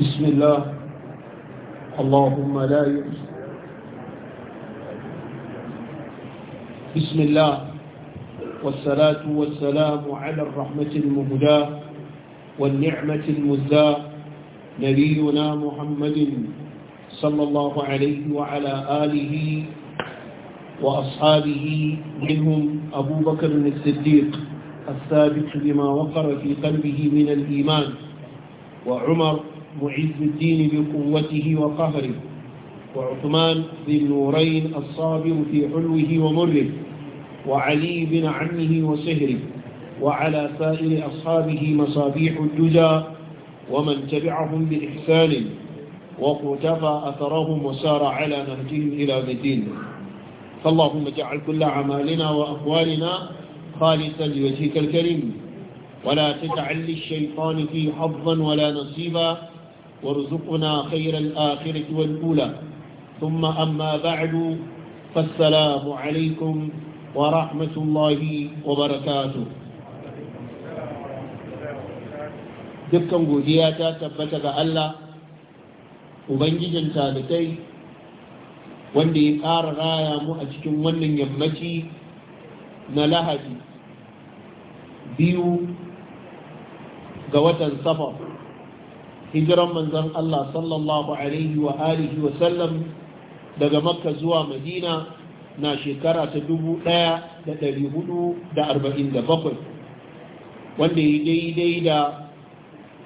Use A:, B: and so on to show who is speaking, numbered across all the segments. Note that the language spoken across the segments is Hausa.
A: بسم الله اللهم لا يحصى بسم الله والصلاة والسلام على الرحمة المهداة والنعمة المزداة نبينا محمد صلى الله عليه وعلى آله وأصحابه منهم أبو بكر الصديق الثابت بما وقر في قلبه من الإيمان وعمر معز الدين بقوته وقهره وعثمان ذي النورين الصابر في حلوه ومره وعلي بن عمه وسهره وعلى سائر أصحابه مصابيح الدجى ومن تبعهم بإحسان وقتفى أثرهم وسار على نهجهم إلى مدين فاللهم اجعل كل عمالنا وأقوالنا خالصا لوجهك الكريم ولا تجعل للشيطان فيه حظا ولا نصيبا وارزقنا خير الآخرة والأولى ثم أما بعد فالسلام عليكم ورحمة الله وبركاته dukkan godiya ta tabbata ga Allah ubangijin talibai wanda ya ƙara raya mu a cikin wannan yammaci na lahadi biyu ga watan safar hijiran manzon Allah sallallahu alaihi wa alihi wa sallam daga makka zuwa madina na shekara ta 1447 wanda ya daidai da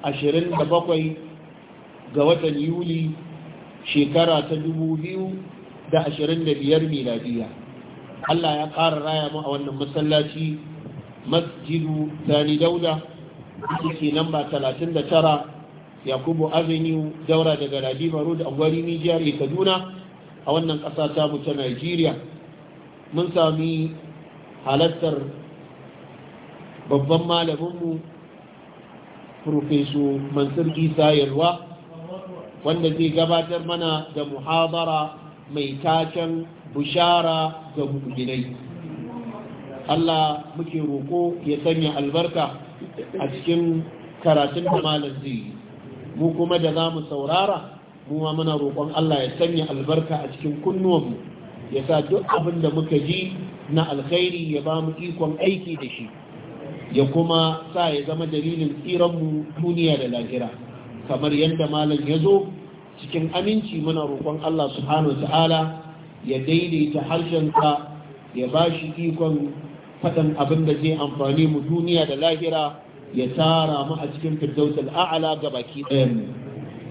A: 27 ga watan yuli shekara ta 2025 miladiya Allah ya ƙara raya mu a wannan masallaci masjidu sani dauda ke namba 39 yakubu avenue daura daga radima road a gwari nijiyar kaduna a wannan ƙasa ta mu ta nigeria mun sami halattar babban malaminmu profeso mansur isa yalwa wanda zai gabatar mana da muhabara mai taken bushara ga mu'minai Allah muke roƙo ya sanya albarka a cikin karatun da malam zai yi mu kuma da za mu saurara mu ma muna roƙon Allah ya sanya albarka a cikin kunnuwanmu ya sa duk abin da muka ji na alkhairi ya ba mu ikon aiki da shi ya kuma sa ya zama dalilin tsiranmu duniya da lahira kamar yadda malam ya zo cikin aminci muna roƙon Allah subhanahu ta'ala ya daidaita harshensa ya ba shi ikon faɗan abin da zai amfani mu duniya da lahira يتارى مع أتكلم في الدوس الأعلى قبكي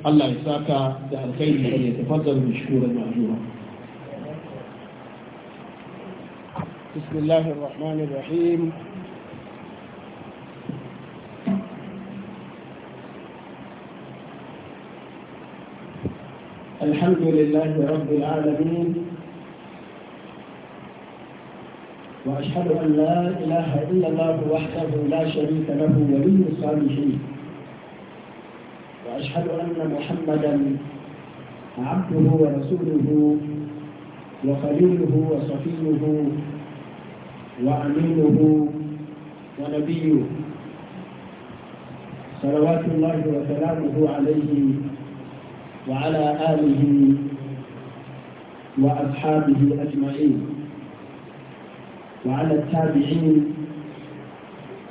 A: الله يساك ده الخير من أن يتفضل مشكورا معجورا بسم الله الرحمن الرحيم الحمد لله رب العالمين وأشهد أن لا إله إلا الله وحده لا شريك له ولي الصالحين وأشهد أن محمدا عبده ورسوله وخليله وصفيه وأمينه ونبيه صلوات الله وسلامه عليه وعلى آله وأصحابه أجمعين وعلى التابعين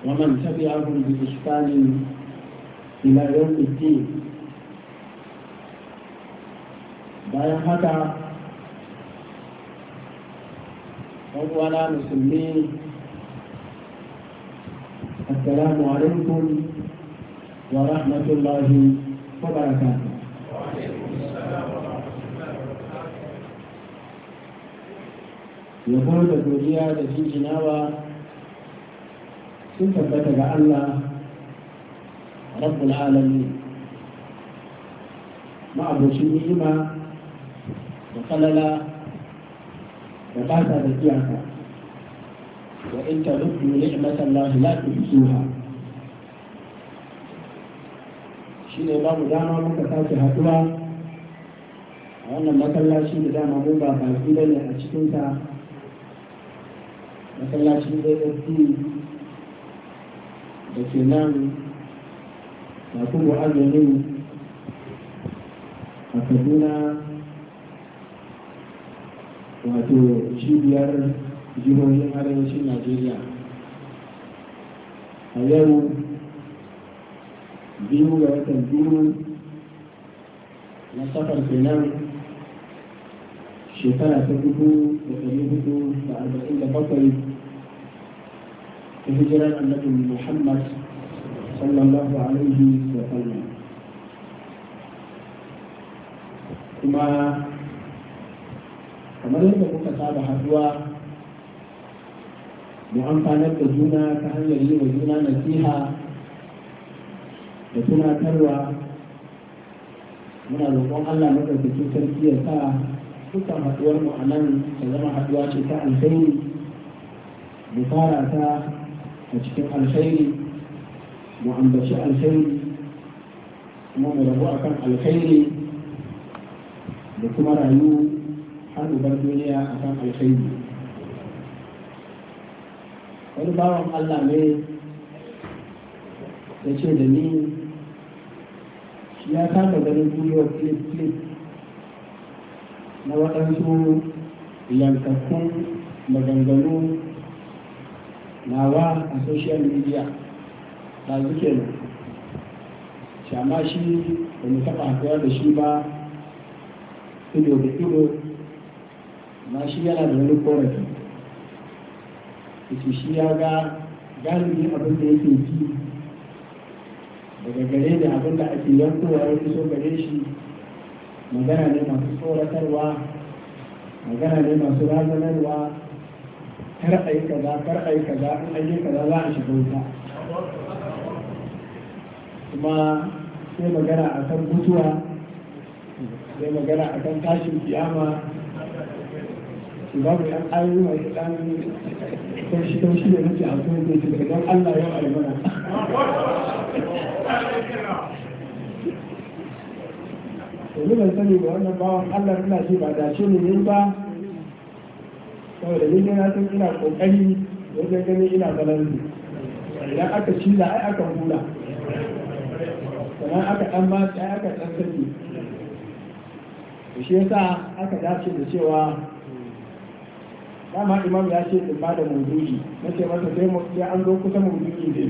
A: ومن تبعهم بإحسان إلى يوم الدين bayan haka wadda musulmi assalamu alaikum wa rahmatullahi wa barakatuh yabo da godiya da jinjinawa sun tabbata ga Allah rabbul alamin ma'abocin ni'ima da kalala da bata da iyaka wa in ta rubu ni'matan lahi la ne ba mu dama muka sake haduwa a wannan masallaci da dama mun ba baki bane a cikinsa masallacin AFP da ke nan na kuma azumi a kaduna wato cibiyar jihohin arewacin najeriya a yau biyu ga watan biyu na safar kenan shekara ta dubu da ɗari hudu da arba'in da bakwai hijirar annabi muhammad sallallahu alaihi wa sallam kuma kamar yadda kuka saba haduwa mu amfanar da juna ta hanyar yi wa juna nasiha da tunatarwa muna roƙon allah madaukakin sarki ya sa dukkan haduwar a nan ta zama haduwa ce ta alkhairi mu fara a cikin alkhairi mu ambaci alkhairi kuma mu rabu akan alkhairi da kuma rayu har bar duniya akan alkhairi wani bawan Allah ne ya ce da ni ya kama ganin gwiwar clip-clip na waɗansu yankakkun maganganu nawa a social media ta zuke ne shama shi da mu taɓa haɗuwa da shi ba ido da ido ma shi yana da wani korafi ita shi ya ga galibi abin da yake yi. daga gare da abin da ake yankowa ya so gare shi magana ne masu tsoratarwa magana ne masu razanarwa kar a yi kaza kar a yi kaza in an yi kaza za a shiga wuta kuma sai magana a kan mutuwa sai magana a kan tashin kiyama su babu yan ayoyi masu ɗan taushi taushi da nake a kuma zai daga don Allah yau almana yanzu ban sani ba wannan bawan Allah ina ce ba dace ne ba saboda yin yana san ina kokari wajen gani ina su idan aka cilla ai aka hula
B: sannan aka dan ba ai aka dan saki
A: shi yasa aka dace da cewa dama imam ya ce in bada maudu'i na ce masa sai mu ya an zo kusa maudu'i zai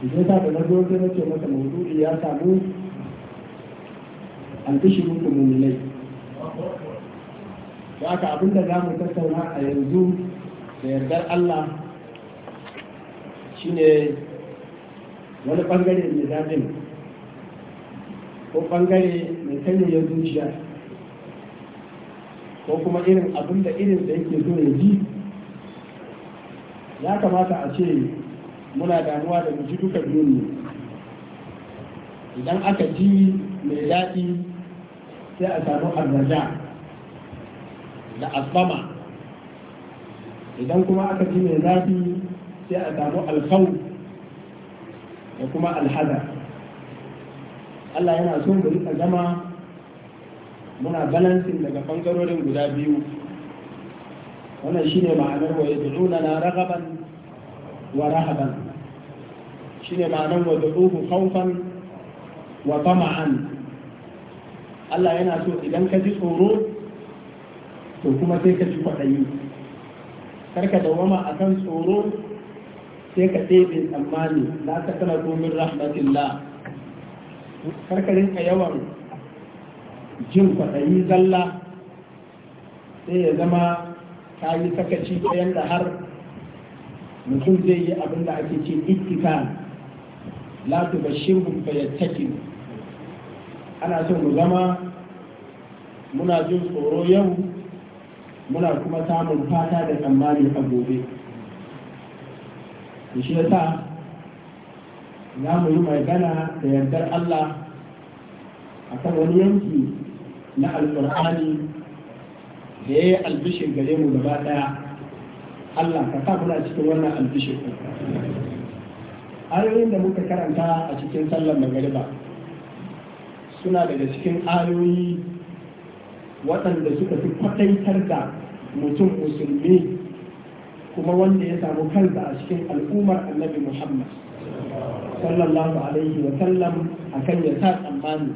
A: yi shi yasa da na zo sai na ce masa maudu'i ya samu an fi mutum mummunai da abin abinda za mu tattauna a yanzu da yardar Allah shine wani bangare mai zaɓin ko bangare mai sanyaya zuciya ko kuma irin abinda irin da yake zo ya ji ya kamata a ce muna damuwa da mu ji duka duniya idan aka ji mai daɗi sai a samu arzaja da asama idan kuma aka ji mai zafi sai a samu alfau da kuma alhazar Allah yana so mu rika zama muna balansin daga bangarorin guda biyu wannan shine ma'anar wa yad'una na ragaban wa rahaban shine ma'anar wa du'uhu khawfan wa tama'an Allah yana so idan ka ji tsoro to kuma sai ka ci kwaɗayi karka dawama a kan tsoro sai ka ɗebe tsammani na ta kana domin rahmatillah karka rinka yawan jin kwaɗayi zalla sai ya zama ka yi sakaci ta yadda har mutum zai yi abin da ake ce ittikan la tu bashirhum fayattakin ana so mu zama muna jin tsoro yau muna kuma samun fata da tsammani a gobe shi yasa za mu yi magana da yardar Allah a kan wani yanki na alƙur'ani da ya yi albishin gare mu gaba ɗaya Allah ka sa muna cikin wannan albishin. ayoyin da muka karanta a cikin sallar magariba suna daga cikin ayoyi waɗanda suka fi kwatantar da mutum musulmi kuma wanda ya samu kansa a cikin al'ummar annabi muhammad sallallahu alaihi wa sallam akan ya sa tsammani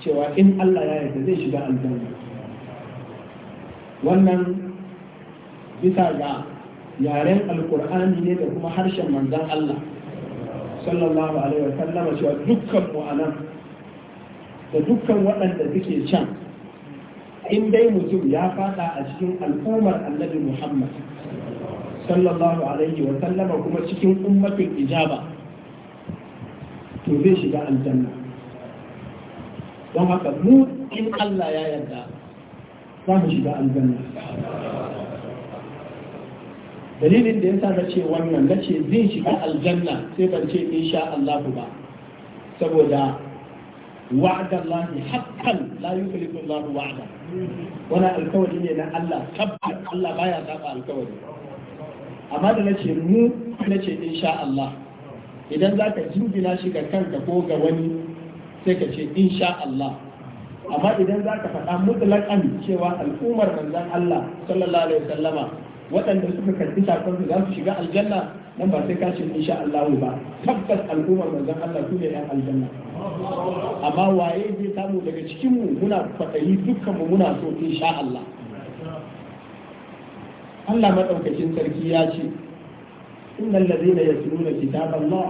A: cewa in allah ya yarda zai shiga aljanna wannan bisa ga yaren alkur'ani ne da kuma harshen manzan allah sallallahu alaihi wa sallama cewa dukkan mu da dukkan waɗanda suke can in dai mutum ya fada a cikin al'ummar annabi Muhammad sallallahu alaihi wa sallama kuma cikin ummatin ijaba to zai shiga aljanna don haka mu in Allah ya yarda za mu shiga aljanna dalilin da yasa na ce wannan na ce zai shiga aljanna sai ban ce insha Allah ba saboda وعد الله حقا لا يخلف الله وعده وانا alkawari ne na Allah tabbas Allah baya saba alkawari amma da nace mu nace insha Allah idan zaka jingina shi ga kanka ko ga wani sai ka ce insha Allah amma idan zaka faɗa mutlaqan cewa al'ummar manzon Allah sallallahu alaihi wasallama waɗanda suka karɓi sakon su za su shiga aljanna nan ba sai ka ce insha Allah ba tabbas al'ummar manzon Allah su ne ɗan aljanna amma waye zai samu daga cikinmu muna kwaɗayi dukkanmu muna so insha Allah Allah maɗaukacin sarki ya ce innal ladina yatluna kitaballah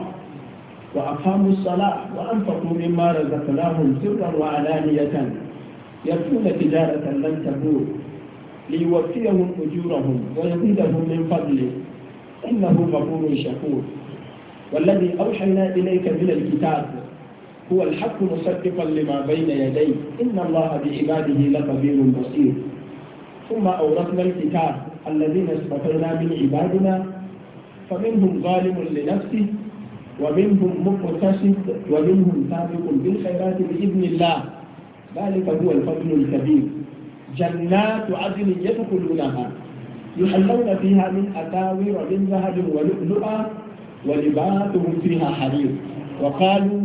A: wa aqamu as-salah wa anfaqu mimma razaqnahum sirran wa alaniyatan yatluna tijaratan lan tabur ليوفيهم أجورهم ويزيدهم من فضله إنه غفور شكور والذي أوحينا إليك من الكتاب هو الحق مصدقا لما بين يديه إن الله بعباده لخبير بصير ثم أورثنا الكتاب الذين اصطفينا من عبادنا فمنهم ظالم لنفسه ومنهم مقتصد ومنهم سابق بالخيرات بإذن الله ذلك هو الفضل الكبير جنات عدن يدخلونها يحلون فيها من أساور من ذهب ولؤلؤا ولباسهم فيها حرير وقالوا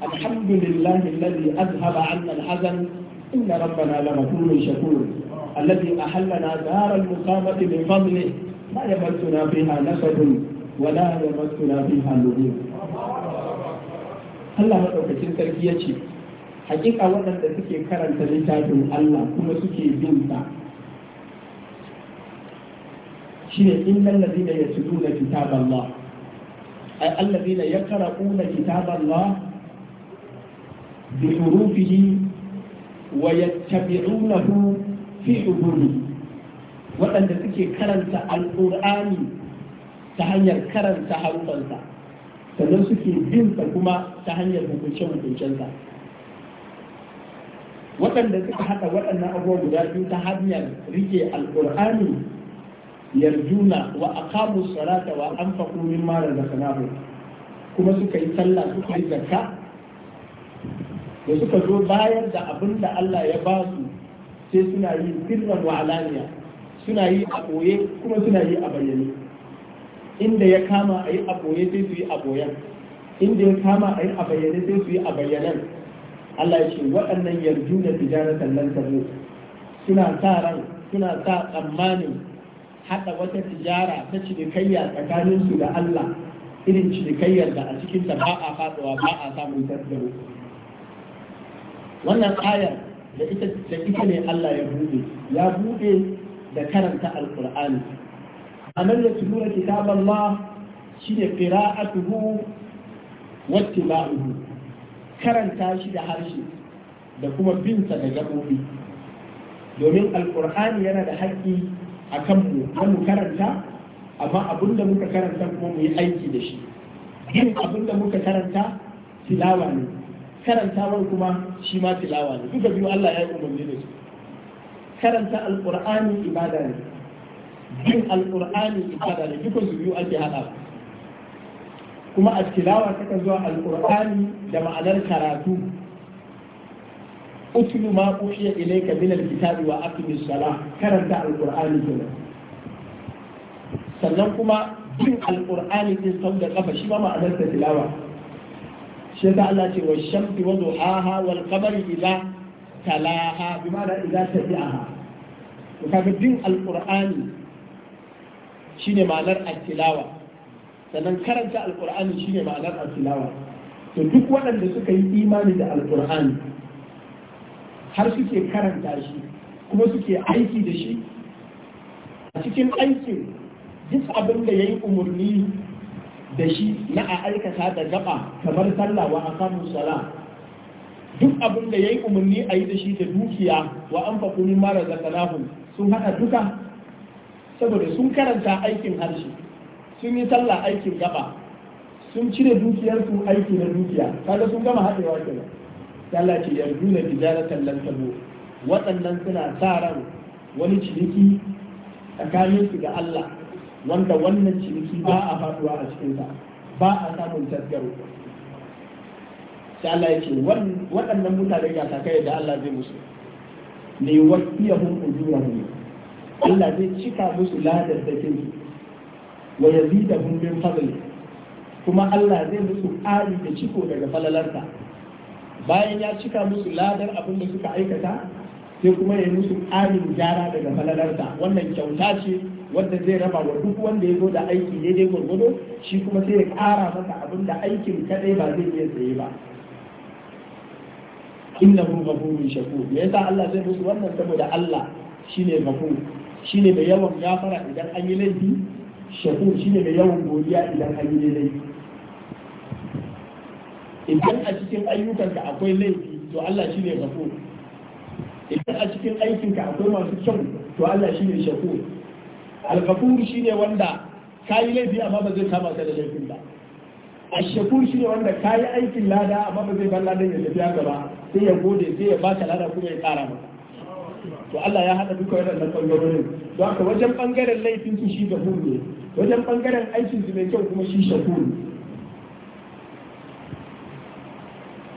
A: الحمد لله الذي أذهب عنا الحزن إن ربنا لغفور شكور الذي أحلنا دار المقامة من فضله لا يمسنا فيها نسب ولا يمسنا فيها لغير هل هذا هو كتير حقيقة وانا تسكي كرن تريتات الله كما سكي بنتا إن الذين يتلون كتاب الله الذين يقرؤون كتاب الله بحروفه ويتبعونه في حضوره وأن تكي كرنت القرآن تهنير كرنت حرفا sannan suke bin kuma ta hanyar hukunce-hukuncensa waɗanda suka haɗa waɗannan abubuwa guda biyu ta hanyar rike alƙur'ani yarjuna wa aqamu salata wa mara mimma razaqnahum kuma suka yi sallah suka yi zakka da suka zo bayar da abin da Allah ya ba su sai suna yi sirran wa alaniya suna yi a ɓoye kuma suna yi a bayyane inda ya kama a yi a ɓoye sai su yi a ɓoyen inda ya kama a yi a bayyane sai su yi a bayyanan Allah ya ce waɗannan yarju na tijaratan nan tabo suna sa ran suna sa tsammanin haɗa wata tijara ta cinikayya tsakaninsu da Allah irin cinikayyar da a cikin ba a faɗuwa ba a samun wannan ayar da ita da ita ne Allah ya bude ya bude da karanta alqur'ani anan ya tura kitaballah shine qira'atuhu wattiba'uhu karanta shi da harshe da kuma binsa da gabobi domin alqur'ani yana da haƙƙi akan mu karanta amma abin da muka karanta kuma mu yi aiki da shi yin abin da muka karanta tilawa ne karanta man kuma shi ma tilawa ne duka biyu Allah ya yi umarni da su karanta alqur'ani ibada ne bin alqur'ani ibada ne duka su biyu ake hada kuma a tilawa ta zuwa alqur'ani da ma'anar karatu utlu ma uhiya ilayka min alkitabi wa aqimis salah karanta alqur'ani kenan sannan kuma bin alqur'ani din sau da kafa shi ma ma'anar tilawa shi ta Allah ce wa shamsi wa duhaha wal qamari idza talaha bi da idza tabi'aha to kaga din alqur'ani shine ma'anar at-tilawa sannan karanta alqur'ani shine ma'anar at-tilawa to duk waɗanda suka yi imani da alqur'ani har suke karanta shi kuma suke aiki da shi a cikin aikin duk abin da ya yi umarni da shi na a aikata da gaba kamar sallah wa aqamu sala duk abin da yi umarni a yi da shi da dukiya wa anfaqu mara razaqnahum sun hada duka saboda sun karanta aikin harshe sun yi sallah aikin gaba sun cire dukiyarsu aiki na dukiya kaga sun gama haɗewa kenan Allah ce ya na tijaratan lan tabo waɗannan suna sa ran wani ciniki tsakaninsu ga Allah wanda wannan ciniki ba a faduwa a cikinsa ba a samun tasgaro. sai Allah ya ce waɗannan mutane ya saka da Allah zai musu ne wasiya hun ujura ne Allah zai cika musu ladar da kinsu wa da min fadli kuma Allah zai musu ƙari da ciko daga falalarsa bayan ya cika musu ladar abin da suka aikata sai kuma ya musu ƙarin gyara daga falalarsa wannan kyauta ce wanda zai raba wa duk wanda ya zo da aiki daidai gwargwado shi kuma sai ya kara masa abin da aikin kadai ba zai iya saye ba Inna innahu ghafurun shakur me yasa Allah zai musu wannan saboda Allah shine ghafur shine mai yawan gafara idan an yi laifi shakur shine mai yawan godiya idan an yi laifi idan a cikin ayyukanka akwai laifi to Allah shine ghafur idan a cikin aikinka akwai masu kyau to Allah shine shakur alfakuru shi ne wanda yi laifi amma ba zai kama ka da laifin ba shi ne wanda yi aikin lada amma ba zai bar ladan ya tafi haka ba sai ya gode sai ya baka lada kuma ya kara maka to Allah ya hada duka waɗannan bangarorin don haka wajen bangaren laifin su shi gafur ne wajen bangaren aikin su mai kyau kuma shi shakur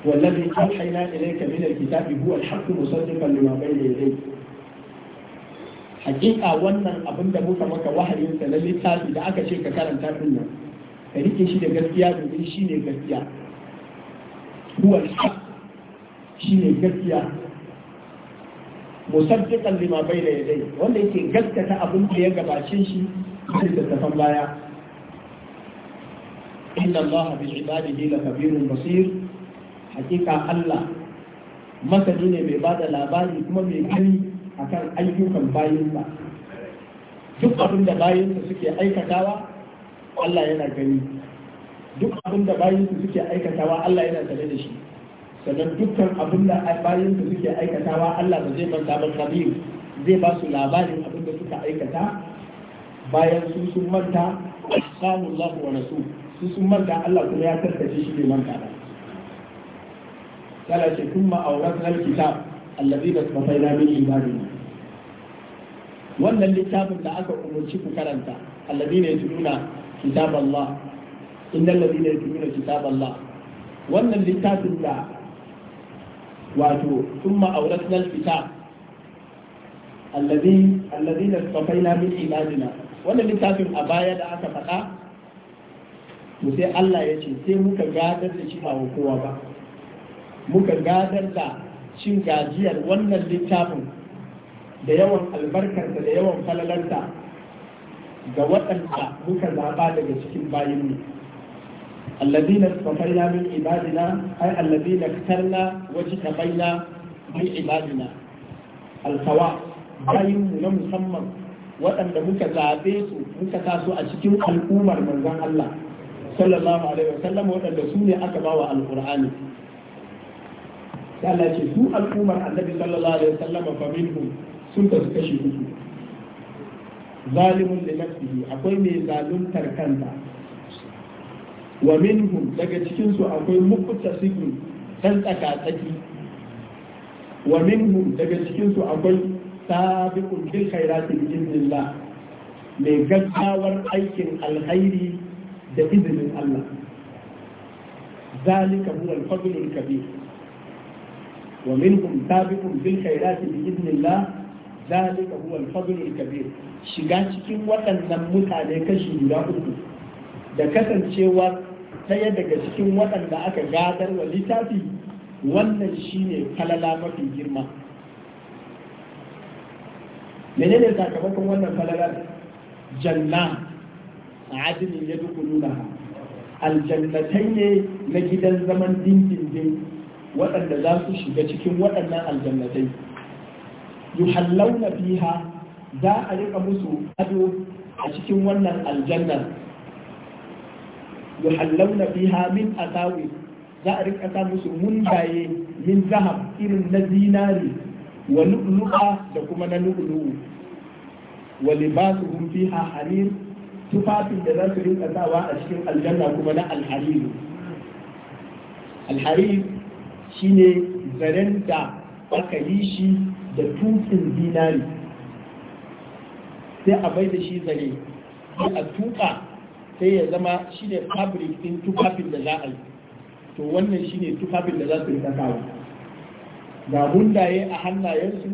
A: والذي أوحينا إليك من الكتاب هو الحق مصدقا لما بين يديك hakika wannan abin da muka maka wahayin sa na littafi da aka ce ka karanta din nan ka rike shi da gaskiya domin shi ne gaskiya huwa shi ne gaskiya musaddiqan lima bayna yadayhi wanda yake gaskata abin da ya gabace shi da tafan baya inna Allah bi ibadihi la kabirun basir hakika Allah masani ne mai bada labari kuma mai gani akan ayyukan bayinsa duk abin da bayinsa suke aikatawa Allah yana gani duk abin da bayinsa suke aikatawa Allah yana tare da shi sannan dukkan abin da bayinsa suke aikatawa Allah ba zai manta ba kabir zai ba su labarin abin da suka aikata bayan su sun manta samun Allah wa nasu su sun manta Allah kuma ya tarkace shi bai manta ba. Kala ce kuma a wurin kitab allazi da tsafaina min ibadina wannan littafin da aka umarci ku karanta allazi ne tununa kitab Allah innal ladina yatununa kitab Allah wannan littafin da wato thumma awratna alkitab allazi allazina tsafaina min ibadina wannan littafin a baya da aka faɗa mu sai Allah ya ce sai muka gadar da shi ba kowa ba muka gadar da cin gajiyar wannan littafin da yawan albarkarsa da yawan falalarsa ga waɗanda muka zaɓa daga cikin bayinmu الذين اصطفينا من عبادنا أي الذين اخترنا واجتبينا من عبادنا الخواص bayinmu na musamman waɗanda muka zaɓe su muka taso a cikin al'ummar manzon Allah sallallahu alaihi wasallam waɗanda su ne aka bawa Alkur'ani. sai Allah ce su al'ummar annabi sallallahu alaihi wasallam fa minhum sun ta kashi uku zalimun li nafsihi akwai mai zaluntar kanta wa minhum daga cikin su akwai muqtasidun dan tsaka tsaki wa minhum daga cikin su akwai sabiqun bil khairati bi idnillah mai gaggawar aikin alkhairi da izinin Allah zalika huwa al-fadlul kabir ومنهم سابق بالخيرات بإذن الله ذلك هو الفضل الكبير shiga cikin waɗannan mutane kashi guda uku da kasancewa daya daga cikin waɗanda aka gadar wa littafi wannan shine falala mafi girma menene sakamakon wannan falalar janna adilin ya duku nuna aljannatai ne na gidan zaman dindindin waɗanda za su shiga cikin waɗannan aljannatai yuhallawna fiha za a riƙa musu ado a cikin wannan aljannar yuhallawna fiha min asawi za a riƙa sa musu mundaye min zahab irin na zinari wa lu'lu'a da kuma na lu'lu'u wa libasuhum fiha harir tufafin da za su rinka sawa a cikin aljanna kuma na alharir alharir shine zaren da aka yi shi da tuƙin dinari sai a bai da shi zare sai a tuka sai ya zama shi ne fabric din tufafin da za a yi to wannan shi ne tufafin da za su rika kawo ga hundaye a hannayensu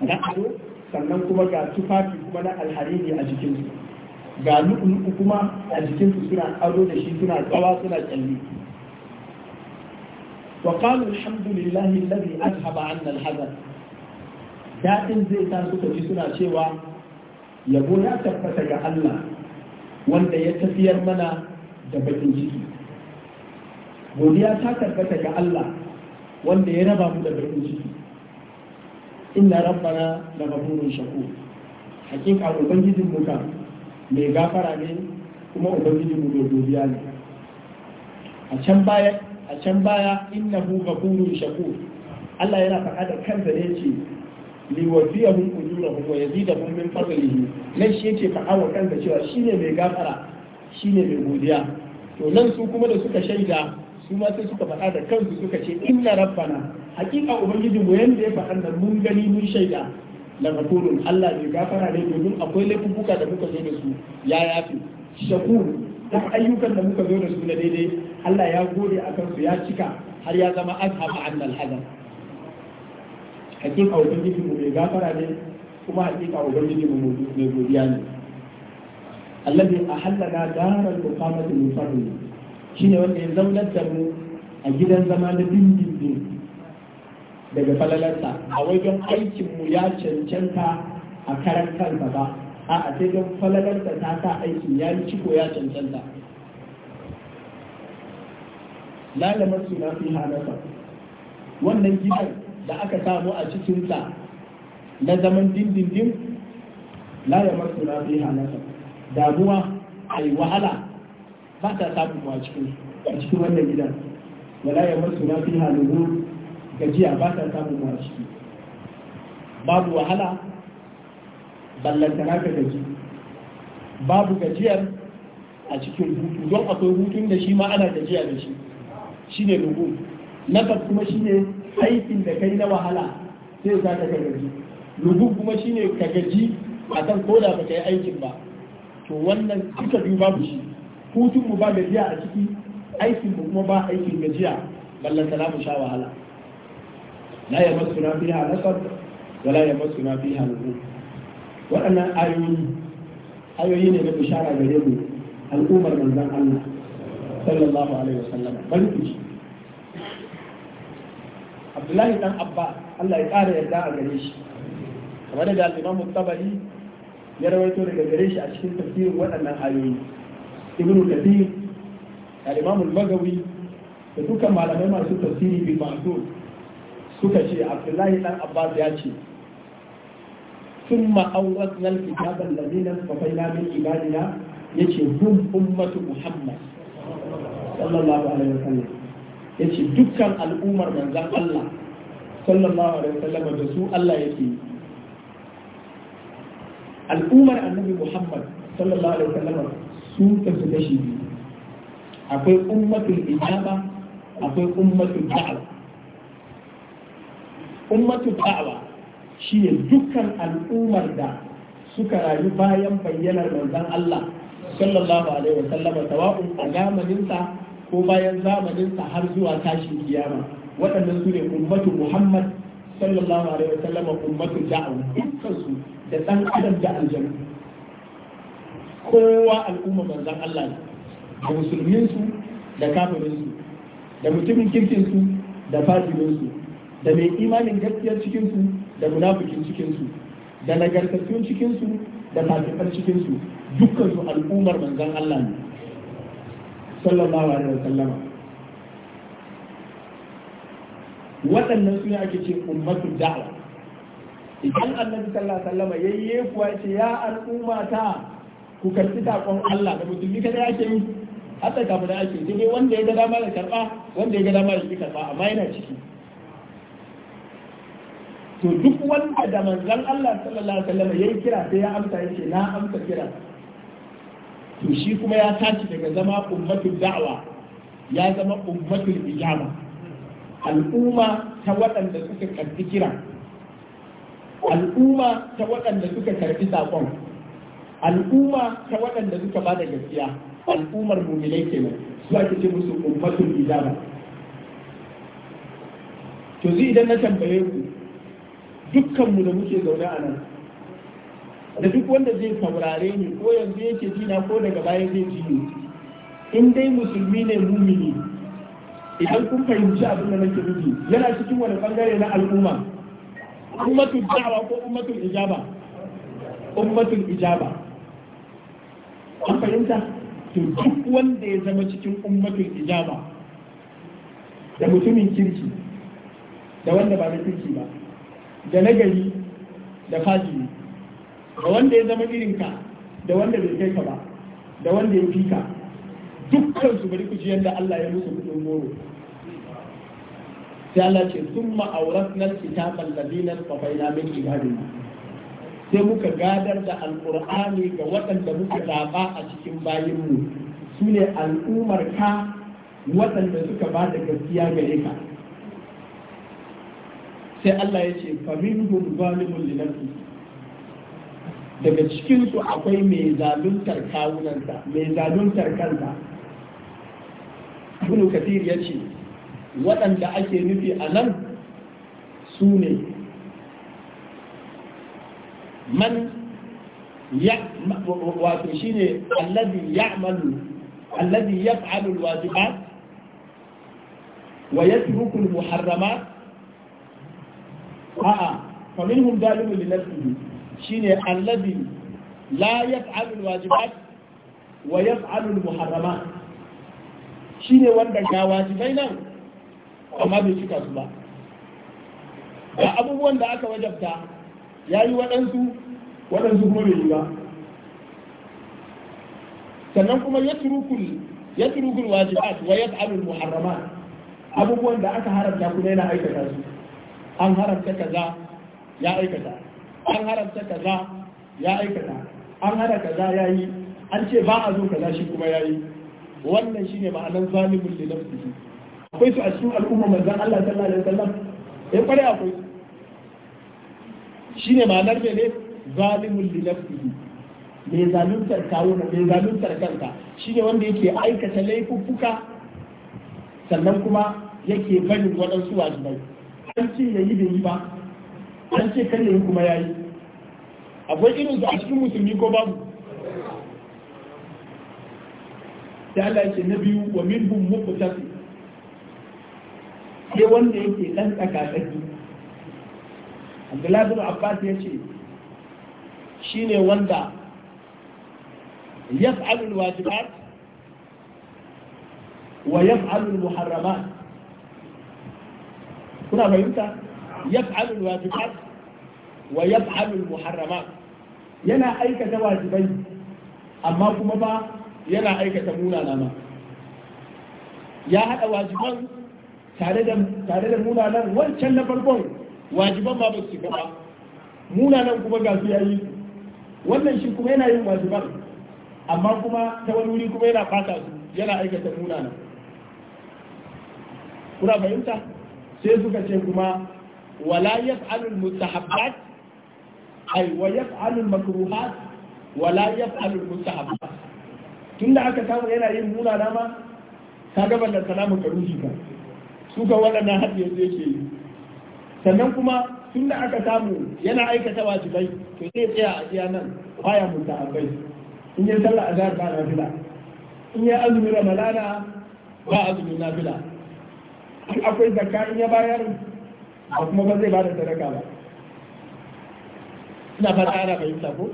A: na ado sannan kuma ga tufafi kuma na alhariri a jikinsu ga lu'u-lu'u kuma a jikinsu suna ado da shi suna tsawa suna kyalli وقالوا الحمد لله الذي أذهب عنا الحزن daɗin zai sa suka ji suna cewa yabo ya tabbata ga Allah wanda ya tafiyar mana da bakin ciki godiya ta tabbata ga Allah wanda ya raba mu da bakin ciki inna rabbana la ghafurun shakur hakika ubangijin mu ka gafara ne kuma ubangijin mu godiya ne a can baya a can baya hu ghafurun shakur Allah yana faɗa da kansa ne mun li wafiyahum ujurahum wa yazidahum min fadlihi nan shi yake faɗa wa kansa cewa shine mai gafara shine mai godiya to nan su kuma da suka shaida su ma sai suka faɗa da kansu suka ce inna rabbana hakika ubangiji mu yanda ya faɗa nan mun gani mun shaida la ghafurun Allah mai gafara ne domin akwai laifuka da muka zo da su ya yafi shakur duk ayyukan da muka zo da su na daidai Allah ya gode a kansu ya cika har ya zama azhaba annal hazan hakika ubangiji mu mai gafara ne kuma hakika ubangiji mu mai godiya ne A Allah alladhi ahallana daral muqamati min Shi ne wanda ya zaunar da mu a gidan zama na dindindin daga falalarsa a wajen aikinmu ya cancanta a karan kansa ba a sai don falalarsa ta sa aikin ya yi ciko ya cancanta la suna na fi hanasa wannan gidan da aka samu a cikinsa na zaman dindindin la lamarsu na fi hanasa damuwa ai wahala ba ta samu a cikin a cikin wannan gidan da ya suna na fi hanuru gajiya ba ta samu a ciki babu wahala ballantana ka gaji babu gajiyar a cikin hutu don akwai hutun da shi ma ana gajiya da shi shine lugu naqas kuma shine aikin da kai na wahala sai za ka gaji rubu kuma shine ka gaji a kan koda baka yi aikin ba to wannan duka biyu babu shi hutun mu ba gajiya a ciki aikin mu kuma ba aikin gajiya ballan sana mu sha wahala la ya masu na fiha nasar wa la ya masu na fiha lugu waɗannan ayoyi ayoyi ne na bishara gare mu al'ummar manzon Allah sallallahu alaihi wasallam bari ku ji Abdullahi dan Abba Allah ya ƙara yarda a gare shi Kama da al-Imam Tabari ya rawaito daga gare shi a cikin tafsirin waɗannan ayoyi Ibn Kathir al-Imam bagawi da dukkan malamai masu tafsiri bil suka ce Abdullahi Ɗan Abbas ya ce ثم أورثنا الكتاب الذين اصطفينا من عبادنا يجي هم أمة محمد sallallahu alaihi wasallam ce dukkan al'ummar manzon Allah sallallahu alaihi wasallam da su Allah yake al'ummar annabi Muhammad sallallahu alaihi wasallam su ta su kashi akwai ummatul ijaba akwai ummatul da'wa ummatul da'wa shi ne dukkan al'ummar da suka rayu bayan bayyanar manzon Allah sallallahu alaihi wa sallama tawa'un a zamaninsa ko bayan zamaninsa har zuwa tashin kiyama waɗannan su ne ummatu muhammad sallallahu alaihi wasallam ummatu da'awa dukkan su da ɗan adam da aljanu kowa al'umma manzon Allah ne da musulminsu da kafirinsu da mutumin kirkinsu da fasirinsu da mai imanin gaskiyar cikinsu da munafikin cikinsu da nagartattun cikinsu da fasikan cikinsu dukkan su al'ummar manzon Allah ne sallallahu alaihi wasallama waɗannan su ne ake ce ummatu da'wa idan annabi sallallahu alaihi wasallama yayye kuwa ce ya al'umma ta ku karɓi takon Allah da musulmi kada yake yi hatta kafin da ake dai wanda ya ga dama da karɓa wanda ya ga dama da karɓa amma yana ciki to duk wanda da manzon Allah sallallahu alaihi wasallama yayi kira sai ya amsa yace na amsa kira to shi kuma ya tashi daga zama ummatul da'wa ya zama ummatul ijaba al'umma ta waɗanda suka karbi kira al'umma ta waɗanda suka karbi saƙon al'umma ta waɗanda suka ba da gaskiya al'ummar mumilai kenan su ake ce musu ummatul ijama to zai idan na tambaye ku dukkanmu da muke zaune a nan da duk wanda zai saurare ni ko yanzu yake ji na ko daga baya zai ji ni in dai musulmi ne mumini idan kun fahimci abin da nake nufi yana cikin wani bangare na al'umma ummatul da'wa ko ummatul ijaba ummatul ijaba an fahimta to duk wanda ya zama cikin ummatul ijaba da mutumin kirki da wanda ba na kirki ba da nagari da fajiri da wanda ya zama irinka da wanda bai kai ka ba da wanda ya fi ka dukkan su bari ku ji yadda Allah ya musu kudin goro sai Allah ce summa awrasna kitaba alladhina min ibadin sai muka gadar da alqur'ani ga waɗanda muka zaba a cikin bayinmu sune al'ummar ka waɗanda suka ba da gaskiya gare ka sai Allah ya ce faminhum zalimun li daga cikinsu akwai mai zaluntar kawunansa mai zaluntar kansa ibn katir ya ce waɗanda ake nufi a nan su ne man ya wato shine alladhi ya'malu alladhi yaf'alu alwajibat wa ya yatruku almuharramat a'a fa minhum zalimun li nafsihi shine allazi la yaf'alu alwajibat wa yaf'alu almuharramat shine wanda ga wajibai nan amma bai cika su ba ga abubuwan da aka wajabta yayi waɗansu waɗansu kuma bai yi ba sannan kuma yatrukul yatrukul wajibat wa yaf'alu almuharramat abubuwan da aka haramta kuma yana aikata su an haramta kaza ya aikata an haramta kaza ya aikata an hada kaza ya yi an ce ba a zo kaza shi kuma ya yi wannan shine ma'anar zalimin da su akwai su a cikin al'umma manzon Allah sallallahu alaihi wasallam eh kware akwai shi shine ma'anar me ne zalimin nafi su mai zaluntar kawo na me zaluntar kanka shine wanda yake aikata laifuffuka sannan kuma yake barin waɗansu wajibai an ce ya yi da yi ba an ce kalli yi kuma ya yi akwai irin su a cikin musulmi ko babu ta Allah yake na biyu wa minhum muqtasi ke wanda yake dan tsakatsaki Abdullahi bin Abbas ya ce shine wanda yaf'al alwajibat wa yaf'al almuharramat kuna fahimta yaf'al alwajibat wa yaf'al almuharramat yana aikata wajibai amma kuma ba yana aikata munana ba. ya haɗa wajiban tare da munanan wancan na farkon wajiban ma ba su ba munanan kuma ga su yayi wannan shi kuma yana yin wajiban amma kuma ta wani wuri kuma yana fata su yana aikata munanan kuna fahimta sai suka ce kuma wala yaf'alul mutahabbat ai wa yaf'alul makruhat wa la yaf'alul mustahabat tunda aka samu yana yin muna nama ka ga ballan salamu karuji ka su ga wannan har yanzu yake yi sannan kuma tunda aka samu yana aikata wajibai to zai tsaya a iya nan baya mustahabai in yi sallah azhar ba fila in yi azumin ramadana ba azumin fila akwai zakka in ya bayar ba kuma ba zai ba da sadaka ba ina fata ana fahimta ko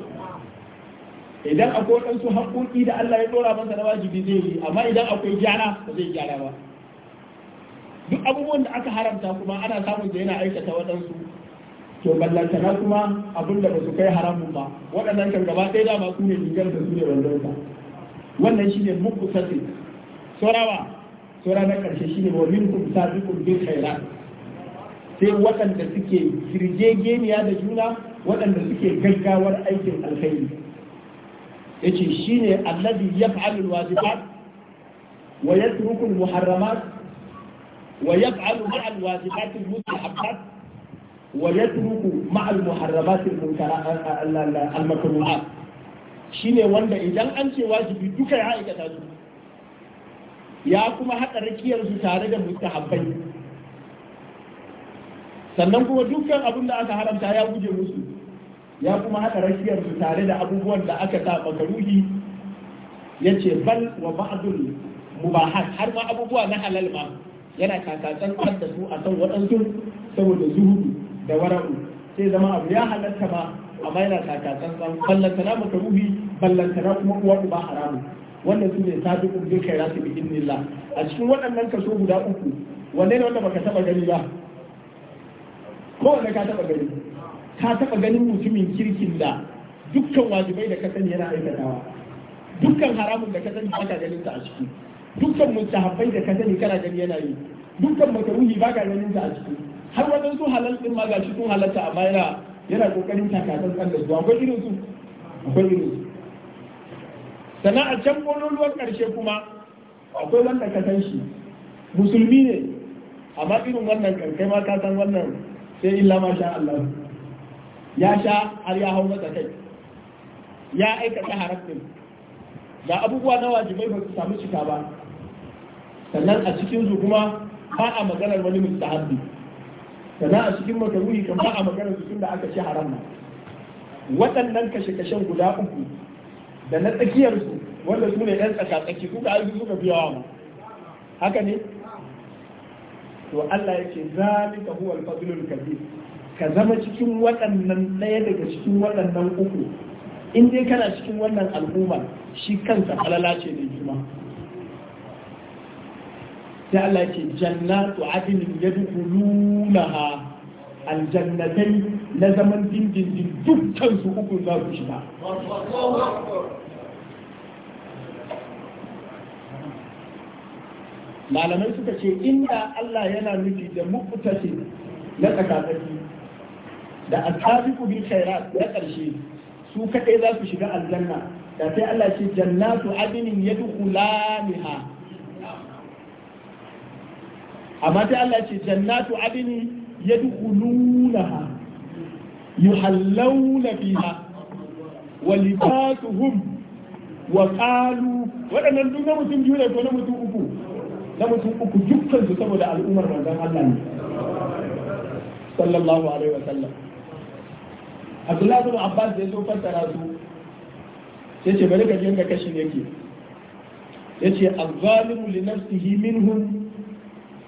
A: idan akwai waɗansu haƙoƙi da Allah ya ɗora masa na wajibi zai yi amma idan akwai gyara ba zai gyara ba duk abubuwan da aka haramta kuma ana samun da yana aikata waɗansu to na kuma abin da ba su kai haramun ba waɗannan kan gaba ɗaya dama su ne rigar da su ne wannan ka wannan shine muku sasi saurawa saura na ƙarshe shine wa minkum sabiqun bil khairat sai waɗanda suke girgegeniya da juna waɗanda suke gaggawar aikin alkhairi yace shine alladhi yaf'alu alwajibat wa yatruku almuharramat wa yaf'alu ma'a alwajibat almustahabbat wa yatruku ma'a almuharramat Shi ne wanda idan an ce wajibi duka ya aikata su ya kuma haɗa rakiyar su tare da mustahabbai sannan kuma dukkan abin da aka haramta ya guje musu ya kuma haɗa rakiyar su tare da abubuwan da aka sa makaruhi ya ce bal wa ba'dul mubahat har ma abubuwa na halal ma yana kakatsan da su a san waɗansu saboda zuhudu da wara'u sai zama abu ya halatta ba amma yana kakatsan san ballantana makaruhi ballantana kuma uwa uba haramu wannan su ne sabiqun bil khairati bi idnillah a cikin waɗannan kaso guda uku wanne ne wanda baka taɓa gani ba ko wanda ka taɓa gani ka taɓa ganin mutumin kirkin da dukkan wajibai da ka sani yana aikatawa dukkan haramun da ka sani ba ka ganin ta a ciki dukkan mustahabbai da ka sani kana gani yana yi dukkan makaruhi ba ka ganin ta a ciki har wajen su halal din ma ga shi sun halatta amma yana yana kokarin takatan kan da zuwa akwai irin su akwai irin su sannan a can ƙololuwar ƙarshe kuma akwai wanda ka san shi musulmi ne amma irin wannan ƙarƙai ma ka san wannan sai illa ma sha Allah ya sha har ya hau masa kai ya aikata harafin ga abubuwa na wajibai ba su samu cika ba sannan a cikin su kuma ba a maganar wani mustahabbi sannan a cikin makaruhi kan ba a maganar su da aka ci haram na waɗannan kashe-kashen guda uku da na tsakiyarsu wanda su ne ɗan tsaka-tsaki suka aiki suka biya mu haka ne to Allah ya ce zalika huwal fadlul kabir ka zama cikin waɗannan ɗaya daga cikin waɗannan uku in dai kana cikin wannan al'umma shi kansa halala ce da juma sai Allah ce jannatu adinin ha aljannatai na zaman dindindin dukkan su uku za su shiga malamai suka ce inda Allah yana nufi da mukutasi na tsakatsaki da asabiqu bil khairat da karshe su kaɗai za su shiga aljanna da sai Allah ce jannatu adinin yadkhulaniha amma sai Allah ce jannatu adinin yadkhulunaha yuhallawna fiha wa libasuhum wa qalu wadannan duk na mutum biyu ne ko na mutum uku na mutum uku dukkan su saboda al'ummar manzon Allah ne sallallahu alaihi wa sallam abdullahi abbas da ya zo fassara su sai ce bari ka je ka kashe ne ke ya ce azalimu li nafsihi minhum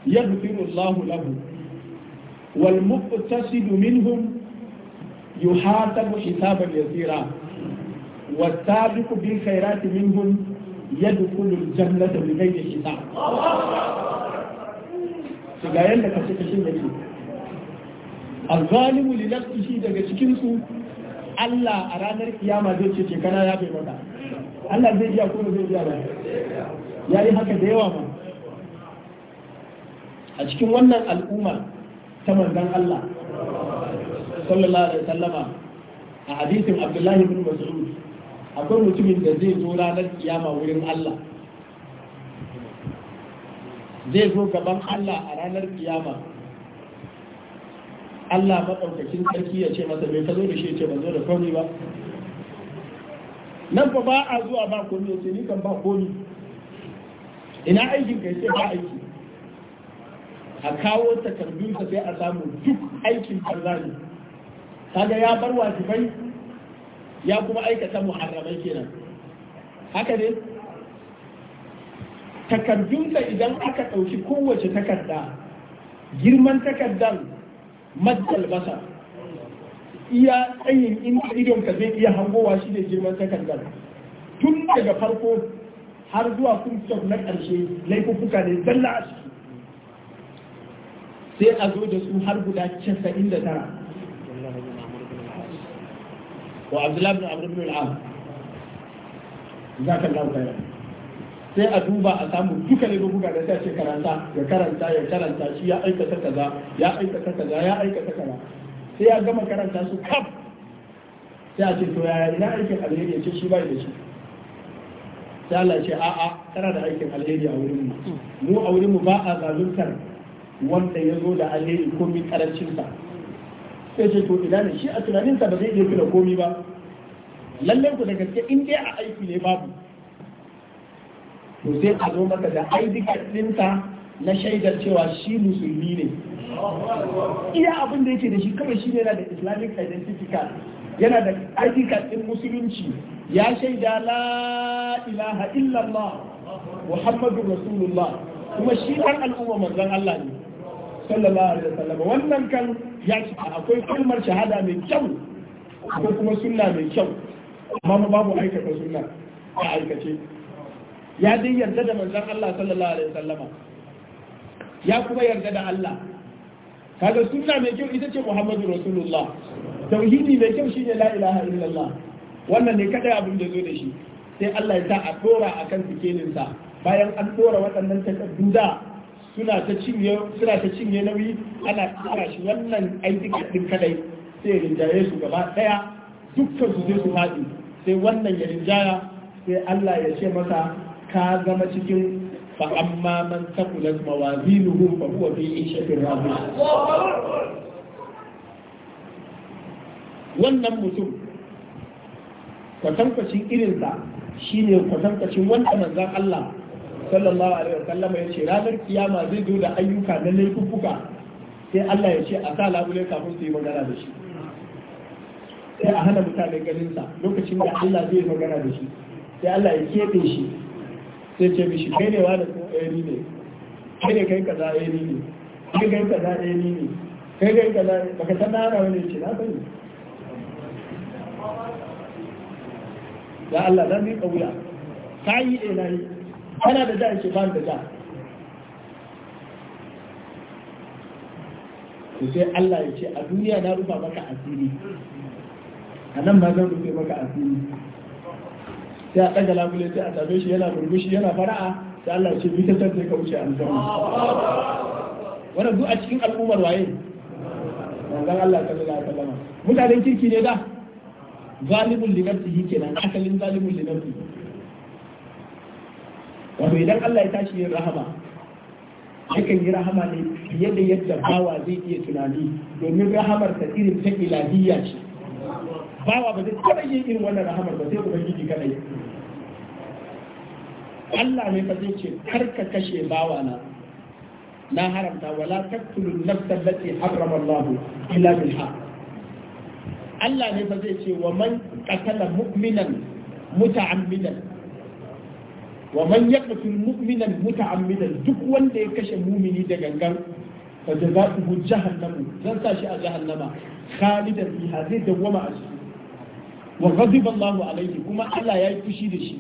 A: yaghfiru allahu lahu wal muqtasidu minhum yuhasabu hisaban yasira wasabiqu bil khairat minhum yadkhulu al jannata bi ghayri hisab to ga yanda kace kashe ne ke al-zalimu li nafsihi daga cikin su Allah a ranar kiyama zai ce kana ya bai maka Allah zai iya ko zai iya ba ya yi haka da yawa ma a cikin wannan al'umma ta manzon Allah sallallahu alaihi wasallama a hadisin Abdullahi bin Mas'ud akwai mutumin da zai zo ranar kiyama wurin Allah zai zo gaban Allah a ranar kiyama Allah maɗaukakin sarki ya ce masa bai kazo da shi ya ce ban zo da komai ba nan fa ba a zuwa ba komai ya ce ni kan ba komai ina aikin kai ya ba aiki a kawo takardunsa sai a samu duk aikin Allah kaga ya bar wajibai ya kuma aikata muharramai kenan haka ne takardunsa idan aka ɗauki kowace takarda girman takardar. majal basa iya tsayin in idon ka zai iya hangowa shi ne girman sakandar tun daga farko har zuwa kunstof na ƙarshe laifukuka ne zalla a ciki sai a zo da su har guda casa'in da tara wa abdullahi bin bin al'am za ka lauka kayan sai a duba a samu duka ne buga da sai karanta ya karanta ya karanta shi ya aikata kaza ya aikata kaza ya aikata kaza sai ya gama karanta su kaf sai a ce to yaya ina aikin alheri ya ce shi bai da shi sai Allah ce a'a kana da aikin alheri a wurin mu mu a wurin mu ba a zaluntar wanda ya zo da alheri ko min karancin sa sai ce to idan shi a tunanin sa ba zai iya kula komi ba lallan ku da gaske in dai a aiki ne babu to sai a zo maka da ID card na shaidar cewa shi musulmi ne iya abin da yake da shi kawai shi ne yana da islamic identity card yana da ID ɗin musulunci ya shaida la ilaha illallah muhammadu rasulullah kuma shi ɗan al'umma manzon Allah ne sallallahu alaihi wasallam wannan kan ya ci akwai kalmar shahada mai kyau akwai kuma sunna mai kyau amma babu aikata sunna a aikace ya dai yarda da manzon Allah sallallahu alaihi wasallama ya kuma yarda da Allah kaga sunna mai kyau ita ce Muhammadu Rasulullah tauhidi mai kyau shine la ilaha illallah wannan ne kadai abin da zo da shi sai Allah ya sa a dora akan sa bayan an dora waɗannan takardu da suna ta cinye nauyi ana kara shi wannan aiki din kadai sai ya rinjaye su gaba ɗaya, dukkan su zai su faɗi sai wannan ya rinjaya sai Allah ya ce masa ka zama cikin fa amma man takulat mawazinuhu fa huwa fi ishatin rabi'a wannan mutum kwatankwacin irinsa shine kwatankwacin wanda manzon Allah sallallahu alaihi wasallam ya ce ranar kiyama zai zo da ayyuka na laifuffuka sai Allah ya ce a sa labule kafin su yi magana da shi sai a hana mutane ganin sa lokacin da Allah zai magana da shi sai Allah ya keɓe shi sai ce mishi kai ne wani ko ɗari ne kai ne kai kaza ɗari ne kai kai kaza ɗari ne kai kai kaza baka san na hana wani ce na sani ya Allah zan yi wuya ka yi ɗaya na yi kana da da ce ban da da to sai Allah ya ce a duniya na rufa maka asiri a nan ma zan rufe maka asiri sai a ɗaga labule sai a same shi yana burgushi yana fara'a sai Allah ce bi ta san sai ka wuce aljanna wannan duk a cikin al'ummar waye manzon Allah sallallahu alaihi wasallam mutanen kirki ne da zalibul li nafsihi kenan akalin zalibul li wato idan Allah ya tashi yin rahama yakan yi rahama ne fiye da yadda bawa zai iya tunani domin rahamar ta irin ta iladiyya ce bawa ba zai taɓa yin irin wannan rahamar ba zai sai ubangiji kadai Allah ne fa zai ce kar ka kashe bawa na na haramta wala taqtulu nafsa allati harrama Allah illa bil haqq Allah ne fa zai ce wa man qatala mu'minan muta'ammidan wa man yaqtul mu'minan muta'ammidan duk wanda ya kashe mumini da gangan fa jazaohu jahannam zan sa shi a jahannama khalidan fiha zai dawwama a ciki wa ghadiba Allahu alayhi kuma Allah ya yi fushi da shi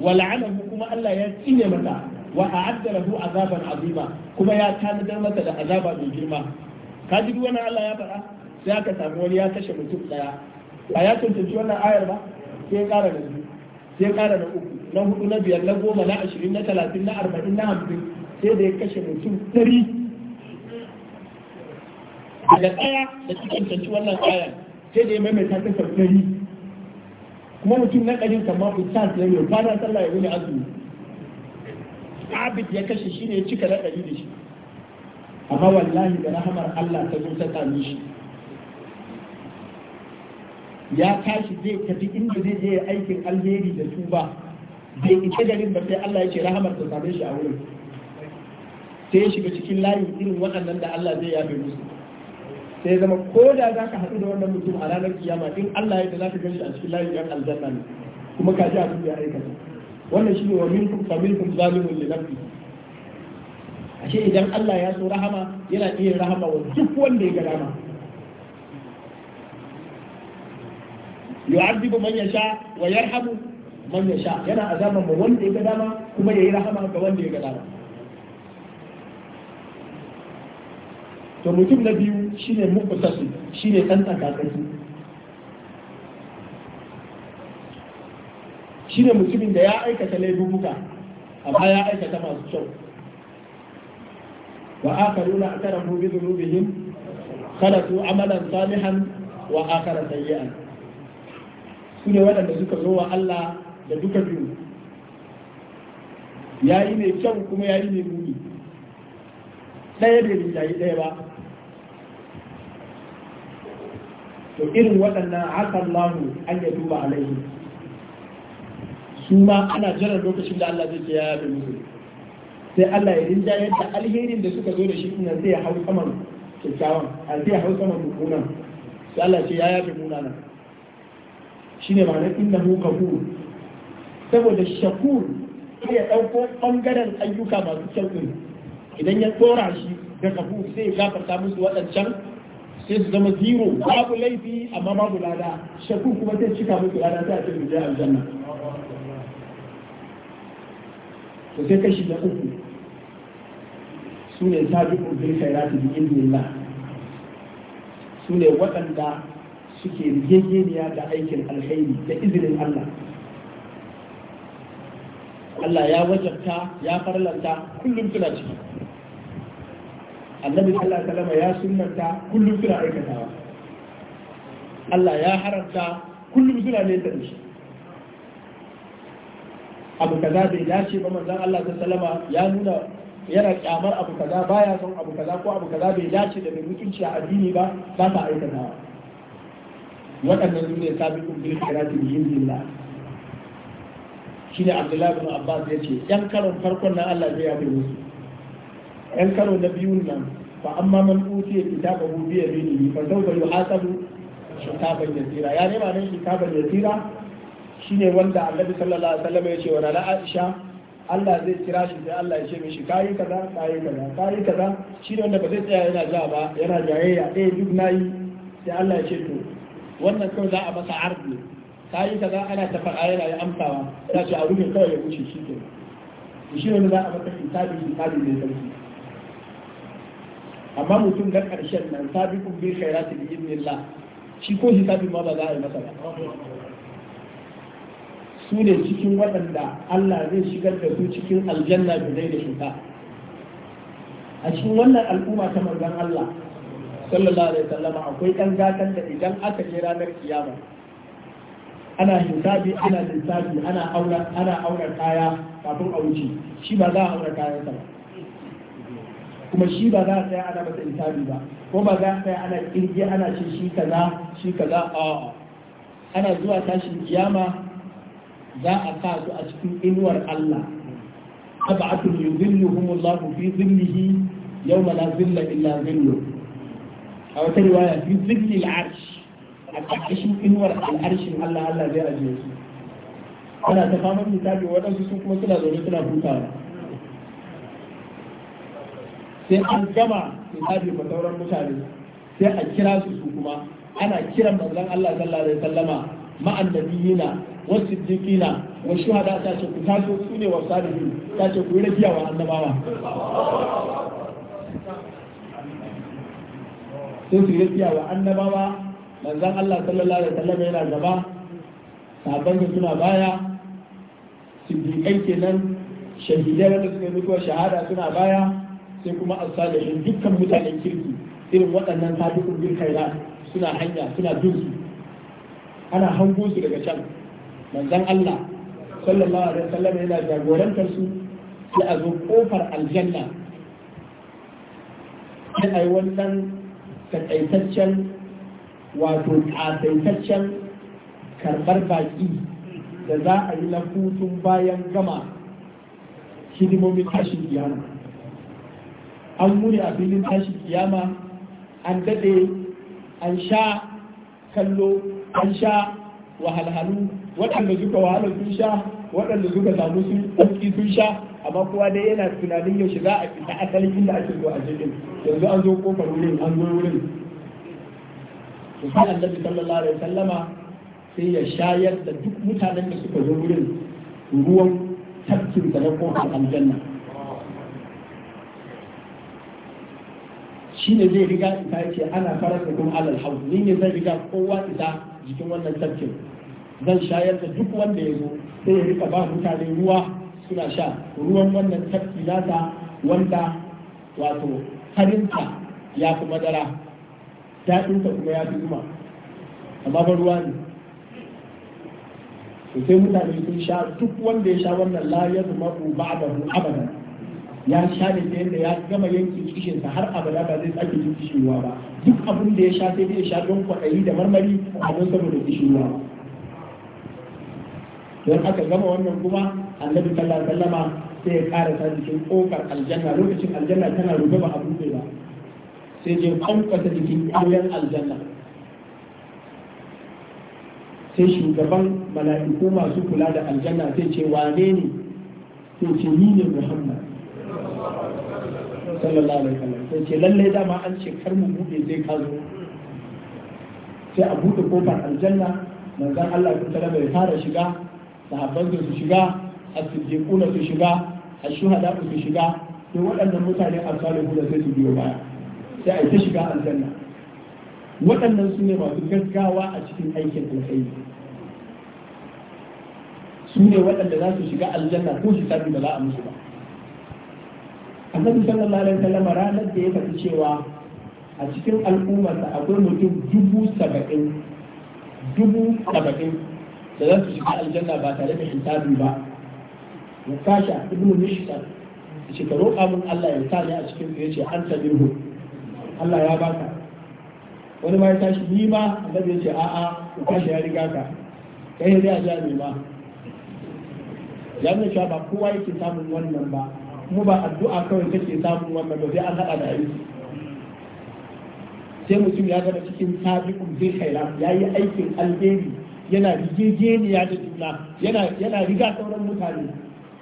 A: wa la'anahu kuma Allah ya tsine mata wa a'adda lahu azaban azima kuma ya tanadar mata da azaba mai girma ka ji duk wannan Allah ya faɗa sai aka samu wani ya kashe mutum daya ba ya tantance wannan ayar sai ƙara da uku na hudu na biyar na goma na ashirin na talatin na arba'in na hamsin sai da ya kashe mutum ɗari daga ɗaya da cikin tanci wannan ayar sai da ya maimaita kasar ɗari kuma mutum na ƙarin kama ku ta ya yi kwana sallah ya wani azumi abid ya kashe shi ne ya cika na ɗari da shi amma wallahi da rahamar Allah ta zo ta sami shi ya tashi zai tafi inda zai je aikin alheri da su ba bai ita garin ba sai Allah ya ce rahamar ta same shi a wurin sai ya shiga cikin layin irin waɗannan da Allah zai yafe musu sai zama ko da za ka haɗu da wannan mutum a ranar kiyama in Allah ya za ka gani a cikin layin yan aljanna ne kuma ka ji abin da ya aikata wannan shine wa minkum fa minkum zalimun li nafsi ashe idan Allah ya so rahama yana iya rahama wa duk wanda ya ga dama yu'adibu man yasha wa yarhamu man yasha yana ma wanda ya ga dama kuma yayi rahama ga wanda ya ga dama to mutum na biyu shine muqtasi shine dan Shi shine mutumin da ya aikata laifuka amma ya aikata masu kyau wa akharuna atarafu bi dhunubihim khalatu amalan salihan wa akhara sayyi'an su ne waɗanda suka zo wa Allah da duka biyu ya yi mai kyau kuma ya yi mai muni ɗaya bai rinjaye ɗaya ba to irin waɗannan haka lahu an ya duba alaihi su ma ana jiran lokacin da Allah zai ya yabe musu sai Allah ya rinja yadda alherin da suka zo da shi ina sai hau saman kyakkyawan a zai hau saman mukunan sai Allah ce ya yabe Shi shine ma'anar mu kafur saboda shakur sai ya ɗauko ɓangaren ayyuka masu kyau idan ya tsora shi da kafur sai ya gafarta musu waɗancan sai su zama zero babu laifi amma babu lada shakku kuma sai cika muku lada ta a ce mu je aljanna to sai kashi na uku su ne sabiqun bil khairati bi idnillah su ne waɗanda suke rigegeniya da aikin alkhairi da izinin Allah Allah ya wajabta ya farlanta kullum suna ciki annabi sallallahu alaihi wasallam ya sunnanta kullum suna aikatawa Allah ya haramta kullum suna ne da shi abu kaza bai dace ba manzon Allah ta salama ya nuna yana kyamar abu kaza baya son abu kaza ko abu kaza bai dace da mai mutunci a addini ba ba ta aikatawa waɗannan su ne sabiqun bil qirati bi indillah ne Abdullahi bin Abbas ya ce yan karon farkon nan Allah ya yabe musu yan karo na biyun nan ba amma man ita utiya kitabahu bi ba fa sawfa yuhasabu shikaban yasira ya nema nan shikaban yasira shine wanda annabi sallallahu alaihi wasallam ya ce wa rana Aisha Allah zai kira shi sai Allah ya ce mishi kayi kaza kayi kaza kayi kaza shine wanda ba zai tsaya yana ja ba yana jayayya eh duk nayi sai Allah ya ce to wannan kawai za a masa arzi kayi kaza ana ta faɗa yana ya amsawa ya ce a rufe kawai ya wuce shi ke shi ne za a masa hisabi hisabi mai sarki amma mutum na ƙarshen nan sabiqun bil khairati bi nila, shi ko sabi ma ba za a yi masa ba su ne cikin waɗanda Allah zai shigar da su cikin aljanna da zai da shuka a cikin wannan al'umma ta manzon Allah sallallahu alaihi wasallam akwai ɗan gatan da idan aka je ranar kiyama ana hisabi ana lissafi ana aura ana aura kaya kafin a wuce shi ba za a aura kayan sa ba kuma shi ba za a tsaya ana masa isabi ba ko ba za a tsaya ana kirge ana ce shi kaza shi kaza a ana zuwa tashin kiyama za a sa su a cikin inuwar Allah tab'atun yudhilluhumullahu fi dhillihi yawma la dhilla illa dhillu a wata riwaya fi dhilli al-arsh a ƙarƙashin inuwar al'arshin Allah Allah zai ajiye su ana ta famar misali waɗansu su kuma suna zaune suna hutawa sai an gama hisabi ba sauran mutane sai a kira su su kuma ana kiran manzon Allah sallallahu alaihi wasallama ma'an nabiyina wasu jikina wa shuhada ta ce ku taso su ne wa salihin ta ce ku yi rabiya wa annabawa sai su yi rabiya wa annabawa manzon Allah sallallahu alaihi wasallama yana gaba sabon suna baya siddiƙai kenan shahidai wanda suka yi mutuwa shahada suna baya sai kuma asalihin dukkan mutanen kirki irin waɗannan sabiqun bin khairat suna hanya suna bin su ana hango su daga can manzon Allah sallallahu alaihi wasallam yana jagorantar su sai a zo kofar aljanna sai ai wannan takaitaccen wato kasaitaccen karɓar baƙi da za a yi na hutun bayan gama hidimomin tashin iyalin an mure a filin tashin kiyama an daɗe an sha kallo an sha wahalhalu waɗanda suka wahala sun sha waɗanda suka samu sun ɗauki sun sha amma kowa dai yana tunanin yaushe za a fita asalin inda ake zuwa a jirgin yanzu an zo kofar wurin an zo wurin to sai annabi sallallahu alaihi wasallama sai ya shayar da duk mutanen da suka zo wurin ruwan tafkin da na kofar aljanna shi ne zai riga ita yake ana farar da kuma alal hau ni ne zai riga kowa isa jikin wannan tafkin zan shayar da duk wanda ya zo sai ya rika ba mutane ruwa suna sha ruwan wannan tafki ta wanda wato harinta ya fi madara daɗinta kuma ya fi zuma amma ba ruwa ne sai mutane sun sha duk wanda ya sha wannan layar ma'u zuma abadan ya sha ne ta yadda ya gama yankin kishinsa har abada ba zai sake jin kishinwa ba duk abin da ya sha sai ya sha don kwaɗayi da marmari a don saboda kishinwa don aka gama wannan kuma annabi sallallahu alaihi wasallama sai ya ƙara ta jikin ƙofar aljanna lokacin aljanna tana rufe ba a buɗe ba sai je kwankwasa jikin ƙauyen aljanna sai shugaban mala'iku masu kula da aljanna sai ce wane ne sai ce ni ne muhammad
B: sallallahu alaihi wasallam sai ce lalle
A: dama an ce kar mu bude zai kazo. sai a bude kofar aljanna manzon Allah ya tsara bai fara shiga sahabban su shiga as-siddiquna su shiga ash-shuhada su shiga sai waɗannan mutane as-salihu da sai su biyo baya sai a ta shiga aljanna waɗannan su ne masu gaggawa a cikin aikin alkhairi su ne waɗanda za su shiga aljanna ko shi hisabi ba za a musu ba annabi sallallahu alaihi wasallam ranar da ya faɗi cewa a cikin al'ummarsa akwai mutum dubu saba'in dubu saba'in da za su shiga aljanna ba tare da hisabi ba Mukasha, kasha ibnu mishkar shi ka roƙa min Allah ya sa ni a cikin ya ce an sabihu Allah ya baka wani ma ya tashi ni ma annabi ya ce a'a ya kasha ya riga ka kai dai a jami'a ma ya nuna cewa ba kowa yake samun wannan ba Kuma ba addu'a kawai take samun wannan ba sai an haɗa da aiki sai mutum ya zama cikin sabiqun zai khaira ya yi aikin alheri yana rigegeniya da juna yana riga sauran mutane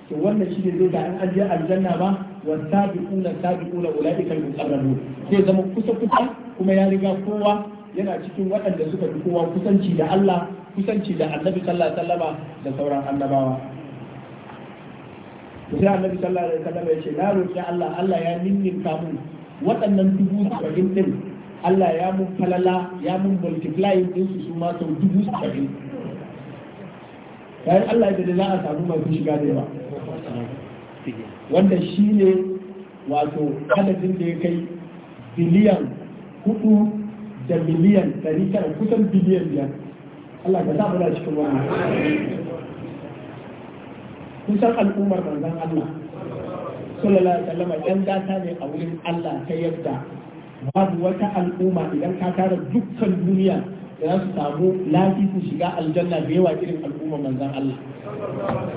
A: to wannan shi ne zai ga an je aljanna ba wa والسابقون السابقون اولئك المقربون sai zama kusa kusa kuma ya riga kowa yana cikin waɗanda suka fi kowa kusanci da Allah kusanci da Annabi sallallahu alaihi wasallama da sauran annabawa sai annabi sallallahu alaihi wasallam ya ce na roki Allah Allah ya ninninka mun waɗannan dubu sabin din Allah ya mun falala ya mun multiply din su su ma sau dubu sabin bayan Allah da za a samu masu shiga da yawa wanda shi ne wato adadin da ya kai biliyan hudu da biliyan dari tara kusan biliyan biyar Allah ka sa mu cikin wannan kusan al'ummar manzon Allah sallallahu alaihi wasallam yan data ne a wurin Allah ta yadda babu wata al'umma idan ka tara dukkan duniya za su samu lafi su shiga aljanna da yawa irin al'ummar manzon Allah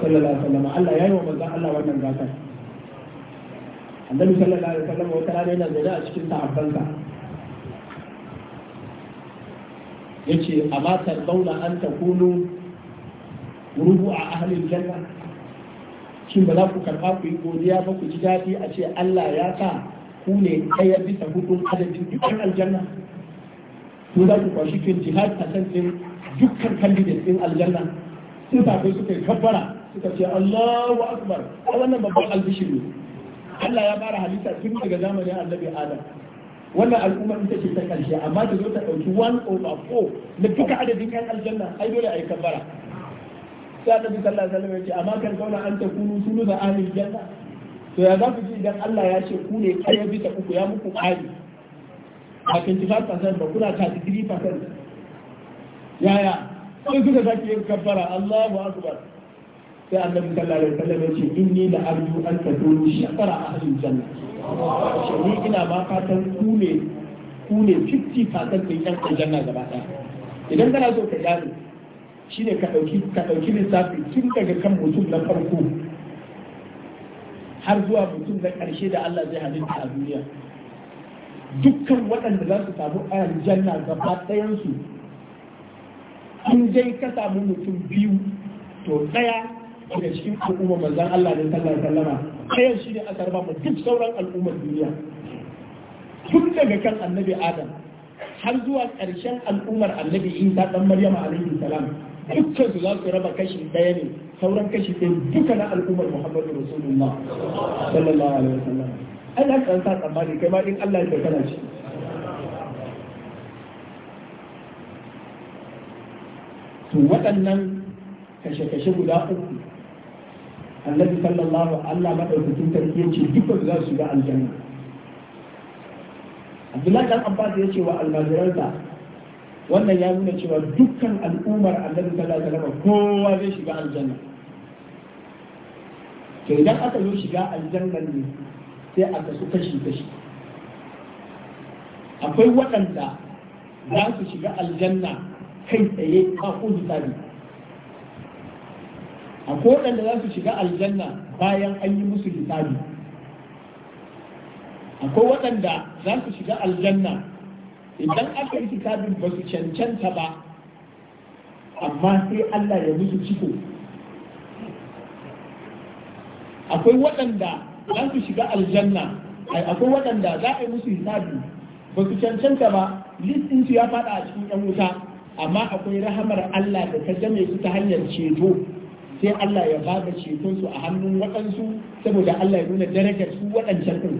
A: sallallahu alaihi wasallam Allah ya yi wa manzon Allah wannan gata annabi sallallahu alaihi wasallam wata rana yana zaune a cikin sahabbansa yace amma tarbauna an takunu rubu a ahlil janna shin ba za ku karɓa ku yi godiya ba ku ji daɗi a ce Allah ya sa ku ne ɗaya bisa hudun adadin dukkan aljanna ku za ku kwashi kin jihad a kan ɗin dukkan candidate ɗin aljanna sun safe suka yi kabbara suka ce Allahu akbar a wannan babban albishir ne Allah ya fara halitta tun daga zamanin annabi Adam wannan al'umma ita ce ta karshe amma ta zo ta ɗauki one over four na duka adadin kan aljanna ai dole a yi kabbara sai annabi sallallahu alaihi wasallam ya ce amma kan kauna an ta kunu sunu da ahli janna to ya za ji dan Allah ya ce ku ne kare bisa uku ya muku ƙari a 25% ba kuna 33% yaya sai kuka zaki yin kafara Allahu akbar sai annabi sallallahu alaihi wasallam ya ce inni la arju an ta kunu shakara ahli janna ni ina ma fatan ku ne ku ne 50% kan janna gaba daya idan kana so ka gane Shi ne ka ɗauki lissafi tun daga kan mutum na farko har zuwa mutum na ƙarshe da Allah zai halitta a duniya dukkan waɗanda za su samu aljanna gaba ɗayansu in dai ka samu mutum biyu to ɗaya daga cikin al'umma manzan Allah ne sallar alaihi wasallama ɗayan shi ne aka raba mu duk sauran al'ummar duniya tun daga kan annabi Adam har zuwa ƙarshen al'ummar annabi Isa ɗan Maryam alaihi salam dukkan su za su raba kashi ɗaya ne sauran kashi ɗaya duka na al'ummar muhammadu rasulullah sallallahu alaihi wasallam ai za ka sa tsammani kai ma in Allah ya kana shi to waɗannan kashe-kashe guda uku annabi sallallahu Allah madaukakin sarki ya ce dukkan za su ga aljanna Abdullahi dan Abbas ya ce wa almajiransa wannan ya nuna cewa dukkan al'ummar annabi sallallahu alaihi wasallam kowa zai shiga aljanna to idan aka zo shiga aljanna ne sai a kasu kashi kashi akwai waɗanda za su shiga aljanna kai tsaye a tsari akwai waɗanda za su shiga aljanna bayan an yi musu hisabi akwai waɗanda za su shiga aljanna idan aka yi kitabin ba su cancanta ba amma sai Allah ya musu ciko akwai waɗanda za su shiga aljanna akwai waɗanda za a yi musu hisabi ba su cancanta ba listinsu ya faɗa a cikin 'yan wuta amma akwai rahamar Allah da ta jame su ta hanyar ceto sai Allah ya ba da cetonsu a hannun waɗansu saboda Allah ya nuna darajar su waɗancan ɗin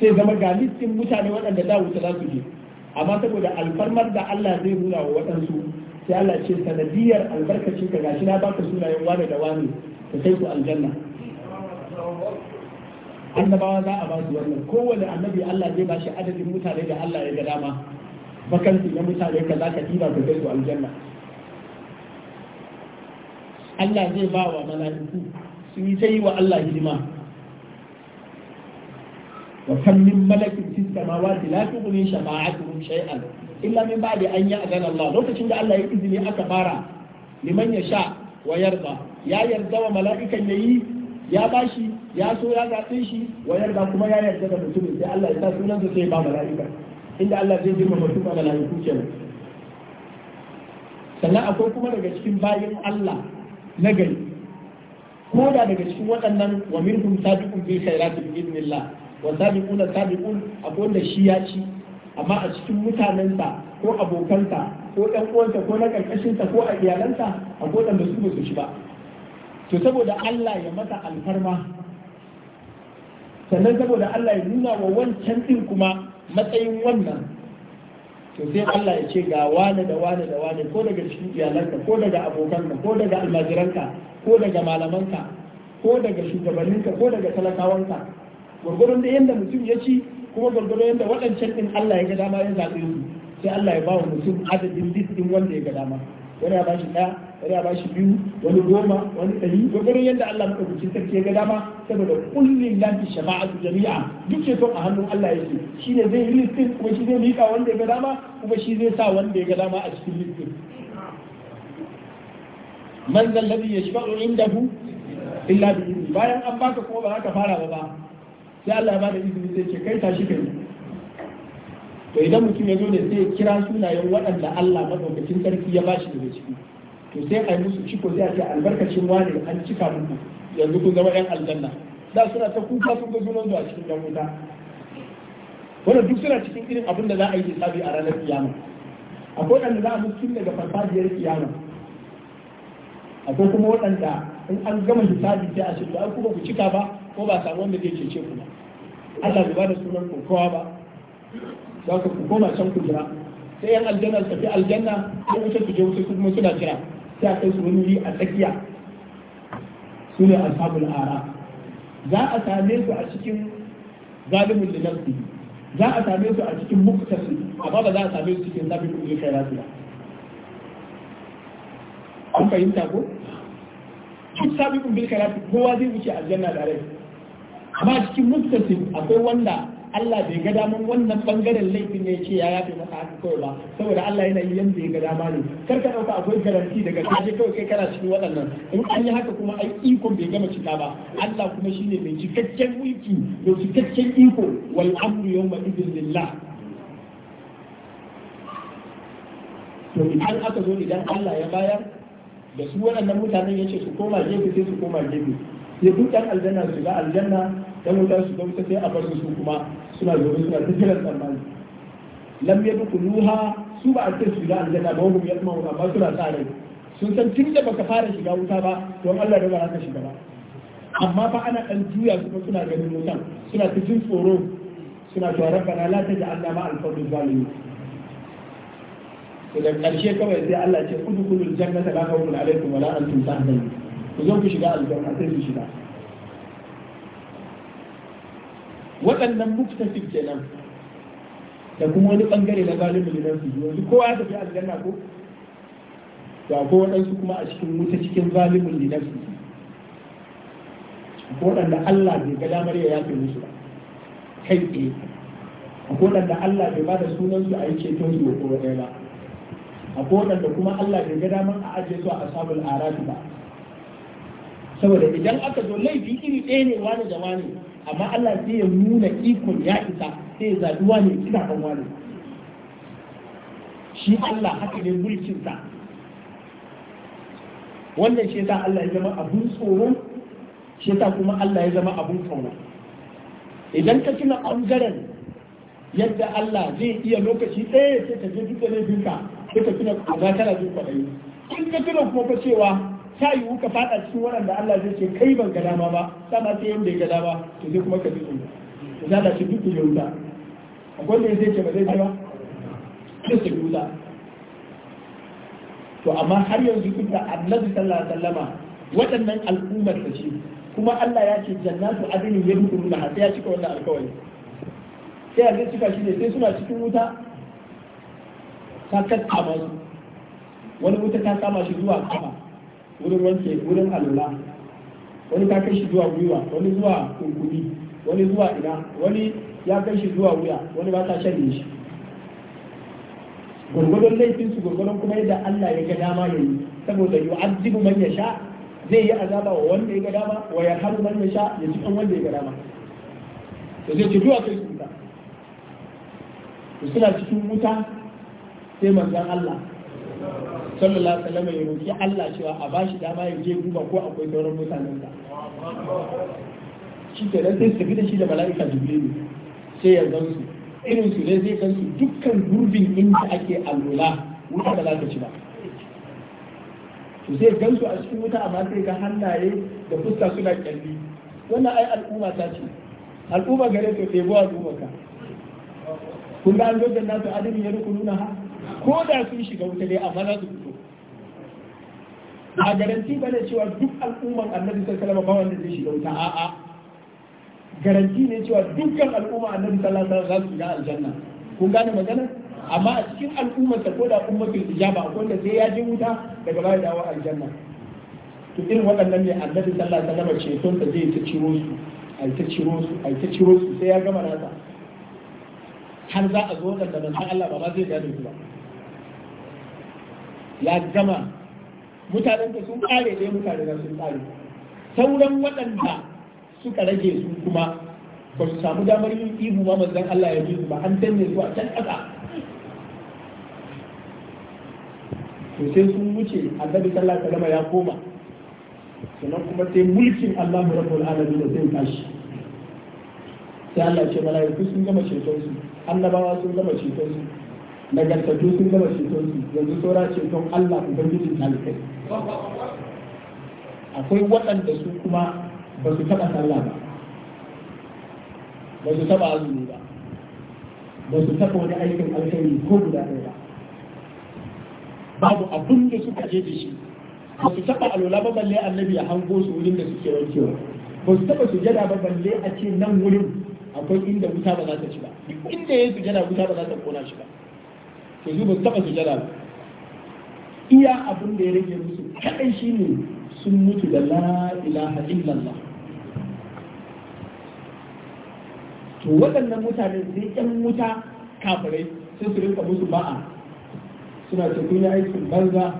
A: sai zama ga listin mutane waɗanda da wuce za su je amma saboda alfarmar da Allah zai nuna wa waɗansu sai Allah ce sanadiyar albarkacin ka gashi na baka sunayen wane da wane ka kai su aljanna annabawa za a ba su wannan kowane annabi Allah zai ba shi adadin mutane da Allah ya ga dama bakansu na mutane ka za ka ɗiba ka kai su aljanna Allah zai ba wa mala'iku su yi ta yi wa Allah hidima wa kam min malakin fis samawati la tughni shafa'atuhum shay'an illa min ba'di an ya'zana Allah lokacin da Allah ya izini aka fara liman ya sha wa yarda ya yarda wa mala'ikan yayi ya bashi ya so ya zaɓe shi wa yarda kuma ya yarda da mutumin sai Allah ya sa sai ba mala'ika inda Allah zai girma mutum a mala'iku kenan sannan akwai kuma daga cikin bayan Allah na gari ko da daga cikin waɗannan wa minhum sabiqun bi khairati bi idnillah wa sabiquna sabiqun akwai wanda shi ya ci amma a cikin mutanensa ko ta ko ɗan uwansa ko na ta ko a ta akwai wanda su ba shi ci ba to saboda Allah ya masa alfarma sannan saboda Allah ya nuna wa wancan ɗin kuma matsayin wannan to sai Allah ya ce ga wane da wane da wane ko daga cikin iyalanka ko daga ka ko daga almajiranka ko daga malamanka ko daga shugabanninka ko daga talakawanka gwargwadon da yadda mutum ya ci kuma gwargwadon yadda waɗancan ɗin Allah ya ga dama ya zaɓe su sai Allah ya ba wa mutum adadin list ɗin wanda ya ga dama wani ya ba shi ɗaya wani ya ba shi biyu wani goma wani ɗari gwargwadon yadda Allah muka buci sarki ya ga dama saboda kullin lafi shafa'atu jami'a duk ce a hannun Allah ya ce shi ne zai yi listin kuma shi zai miƙa wanda ya ga dama kuma shi zai sa wanda ya ga dama a cikin listin man zan ladhi yashfa'u indahu illa bi bayan an baka kuma ba za fara ba ba sai Allah ya bada izini zai ce kai tashi kai to idan mutum ya zo ne sai kira sunayen waɗanda Allah madaukakin sarki ya bashi daga ciki to sai a yi musu ciko sai a ce albarkacin wani an cika muku yanzu kun zama yan aljanna da suna ta kuka sun ga junan zuwa cikin dan wuta wannan duk suna cikin irin abin da za a yi hisabi a ranar kiyama akwai waɗanda za a mutu daga farfajiyar kiyama akwai kuma waɗanda in an gama hisabi sai a ce to ai kuma ku cika ba ko ba samu wanda zai cece ku ba Allah bai bada sunan ku kowa ba za ku koma can ku jira sai yan aljanna su tafi aljanna sai wuce su je wuce su kuma suna jira sai a kai su wani a tsakiya su ne ashabul ara za a same su a cikin zalimin da nafsi za a same su a cikin muktasi amma ba za a same su cikin zabi kuɗi kai ba an fahimta ko duk sabi kun bilka kowa zai wuce aljanna da rai amma cikin mustasim akwai wanda Allah bai ga damar wannan bangaren laifin ne ce ya yafe masa haka kawai ba saboda Allah yana yi yanda ya ga dama ne kar ka dauka akwai garanti daga kaje kawai kai kana cikin waɗannan in an yi haka kuma ai ikon bai gama cika ba Allah kuma shine mai cikakken mulki da cikakken iko wal amru yawma idin lillah to idan aka zo idan Allah ya bayar da su waɗannan mutanen ya ce su koma gefe sai su koma gefe ya duk ɗan aljanna su shiga aljanna ɗan wuta su wuta sai a bar su kuma suna zuwa suna ta jiran tsammani lam nuha su ba a ce su shiga aljanna ba hum yasma'u amma suna tsare sun san tun da baka fara shiga wuta ba to Allah da ba za shiga ba amma fa ana ɗan juya kuma suna ganin wutan suna ta jin tsoro suna cewa rabbana la ja'alna ma al-qawmi zalimi to ƙarshe kawai sai Allah ce kudu jannata la khawfun wala wa la antum tahzanun ku ku shiga aljanna sai su shiga waɗannan muktasib kenan da kuma wani bangare na galibu ne su yanzu kowa ya tafi aljanna ko to akwai waɗansu kuma a cikin wuta cikin zalimin linafsi akwai waɗanda Allah bai ga damar ya yafe musu ba kai tsaye akwai waɗanda Allah bai ba da sunan su a yi ceton su ko ɗaya ba akwai waɗanda kuma Allah bai ga damar a ajiye su a asabul arafi ba saboda idan aka zo laifi iri ɗaya ne wani da wani amma Allah zai nuna ikon ya isa sai ya zaɓi wani ina kira kan wani shi Allah haka ne mulkinsa wannan shi Allah ya zama abun tsoron shi kuma Allah ya zama abun kauna idan ka tuna ɓangaren yadda Allah zai iya lokaci ɗaya sai ka je duka laifinka sai ka tuna kaza kana jin kwaɗayi in ka tuna kuma cewa ta yiwu ka fada cikin waɗanda Allah zai ce kai ban ga dama ba sama sai yanda ya ga dama to sai kuma ka ji tsoro to za ta ci duk da wuta akwai wanda zai ce ba zai ji ba zai su wuta to amma har yanzu duk da Annabi sallallahu alaihi wasallama waɗannan al'ummar ta ce kuma Allah ya ce jannatu duk da sai ya cika wannan alƙawari sai a zai cika shi ne sai suna cikin wuta ta kakkama su wani wuta ta kama shi zuwa kama wurin wanke wurin alula wani ta kai shi zuwa gwiwa wani zuwa kunkuni wani zuwa ina wani ya kai shi zuwa wuya wani ba ta shan shi gurgudun laifin su gurgudun kuma yadda Allah ya ga dama yayi saboda jibi man sha zai yi azaba wa wanda ya ga dama wa ya haru man yasha ya ci wanda ya ga dama to zai ci duwa kai su ta suna cikin wuta sai manzan Allah sallallahu alaihi wasallam ya roki Allah cewa a bashi dama ya je duba ko akwai sauran mutanen sa shi da nan sai su tafi da shi da mala'ika jibrilu sai ya gan su irin su ne zai kan su dukkan gurbin inda ake alwala wuta da za ci ba to sai gan su a cikin wuta amma sai ga hannaye da fuska suna kyalli wannan ai al'umma ta ce al'umma gare ta ɗebo al'umma ka kun ga an zo da nasu adini ya nuna ha ko da sun shiga wuta dai amma za su a garanti ba ne cewa duk al'umman annabi sai alaihi ba wanda zai shiga wuta a'a garanti ne cewa dukkan al'umma annabi sallallahu alaihi wasallam za su shiga aljanna kun gane magana amma a cikin al'ummar ta koda ummatul ijaba akwai wanda sai ya wuta daga baya dawo aljanna to irin waɗannan ne annabi sallallahu alaihi wasallam son ta zai ta ciro su ai ta ciro su ai ta ciro su sai ya gama nasa har za a zo da manzon Allah ba ma zai gane su ba ya gama mutanen sun kare ne mutane da sun kare sauran waɗanda suka rage su kuma ba su samu damar yin ihu ma manzon Allah ya ji ba an danne su a can ƙasa to sai sun wuce annabi sallallahu alaihi wasallam ya koma sannan kuma sai mulkin Allah rabbul alamin da zai tashi sai Allah ya ce mala'iku sun gama ceton su annabawa sun gama ceton su nagartattu sun gama ceton su yanzu saura ceton Allah ubangijin talibai akwai waɗanda su kuma ba su taɓa sallah ba ba su taɓa azumi ba ba su taɓa wani aikin alkhairi ko guda ɗaya ba babu abin da suka je da shi ba su taɓa alola ba balle annabi ya hango su wurin da suke wankewa ba su taɓa jada ba balle a ce nan wurin akwai inda wuta ba za ta ci ba duk inda ya jada wuta ba za ta kona shi ba yanzu ba taba sujada ba iya abin da ya rage musu kadai shine sun mutu da la ilaha illallah to waɗannan mutane sai ƴan wuta kafirai sai su rinka musu ba'a suna ce kun aikin banza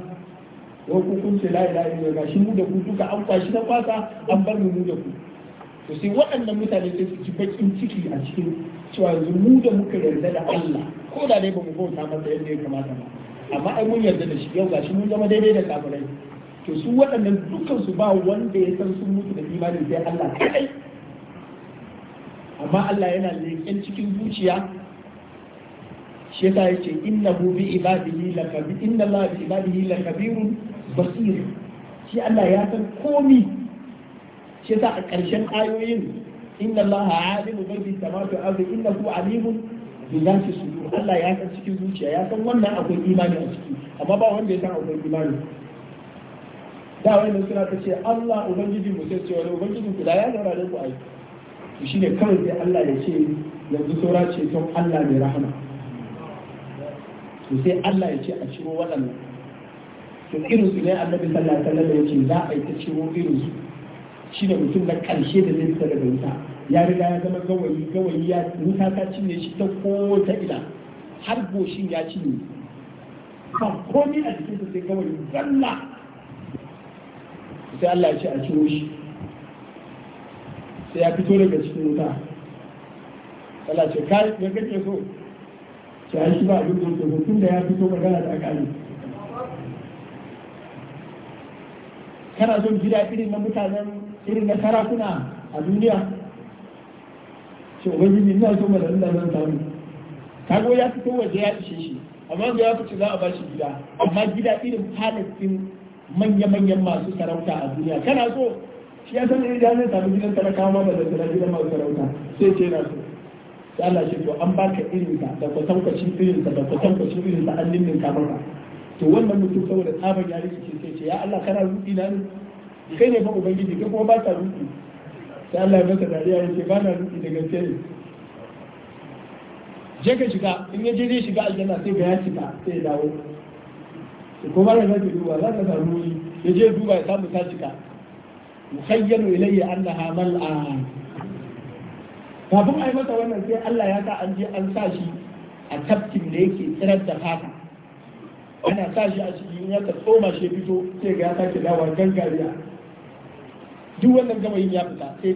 A: wa ku ce la ilaha illallah gashi mu da ku duka an kwashi na kwasa an bar mu da ku to sai waɗannan mutane sai su ji bakin ciki a cikin cewa yanzu mu da muka yarda da Allah ko da dai ba mu bauta masa yadda ya kamata ba amma ai mun yarda da shi yau gashi mun zama daidai da kafirai to su waɗannan dukkan su ba wanda ya san sun mutu da imanin sai Allah kai? amma Allah yana leƙen cikin zuciya shi yace yace hu bi ibadihi lakabir inna Allah bi ibadihi lakabirun basir shi Allah ya san komi shi yasa a ƙarshen ayoyin inna Allah alimu bi samawati wal ardi innahu alimun bi su su Allah ya san cikin zuciya ya san wannan akwai imani a ciki amma ba wanda ya san akwai imani da wanda suna ta ce Allah ubangiji mu sai cewa wani ku da ya zaura da ku ai to shine kawai sai Allah ya ce yanzu saura ce to Allah mai rahama to sai Allah ya ce a ciro waɗannan to irin su ne annabi sallallahu alaihi wasallam ya ce za a yi ta ciro irin su shine mutum na karshe da zai fita daga wuta ya riga ya zama gawayi gawayi ya wuta ta cinye shi ta ko ta ila har goshin ya cinye ba komai a jikin sai gawayi zalla sai Allah ya ce a ciro shi sai ya fito daga cikin wuta Allah ce kai ya kake so sai shi ba abin da yake tun da ya fito magana da akali kana son gida irin na mutanen irin na sarakuna a duniya ce ubangiji ina so mana ina zan samu kago ya fito waje ya ishe shi amma ga ya fice za a bashi gida amma gida irin halittin manya-manyan masu sarauta a duniya kana so shi ya san idan zai samu gidan talakawa ma ba da tsara gidan masu sarauta sai ce na so sai Allah shi to an baka irin ka da kwatankwacin irin ka da kwatankwacin irin ka an nimmin ka maka to wannan mutum saboda tsaban ya rikice sai ce ya Allah kana rudi na ni kai ne fa ubangiji kai kuma ba ta rudi sai Allah ya masa dariya ya ce ba na nufi da gaske ne je ka shiga in ya je zai shiga aljanna sai ga ya shiga sai ya dawo to kuma mara zai duba za ka samu wuri ya je duba ya samu ta shiga muhayyanu ilayya annaha mal'a kafin a yi masa wannan sai Allah ya sa an je an sa shi a tafkin da yake tsirar da fata ana sa shi a cikin ya ka tsoma shi fito sai ga ya sake dawa gangariya duk wannan gama yin ya fita sai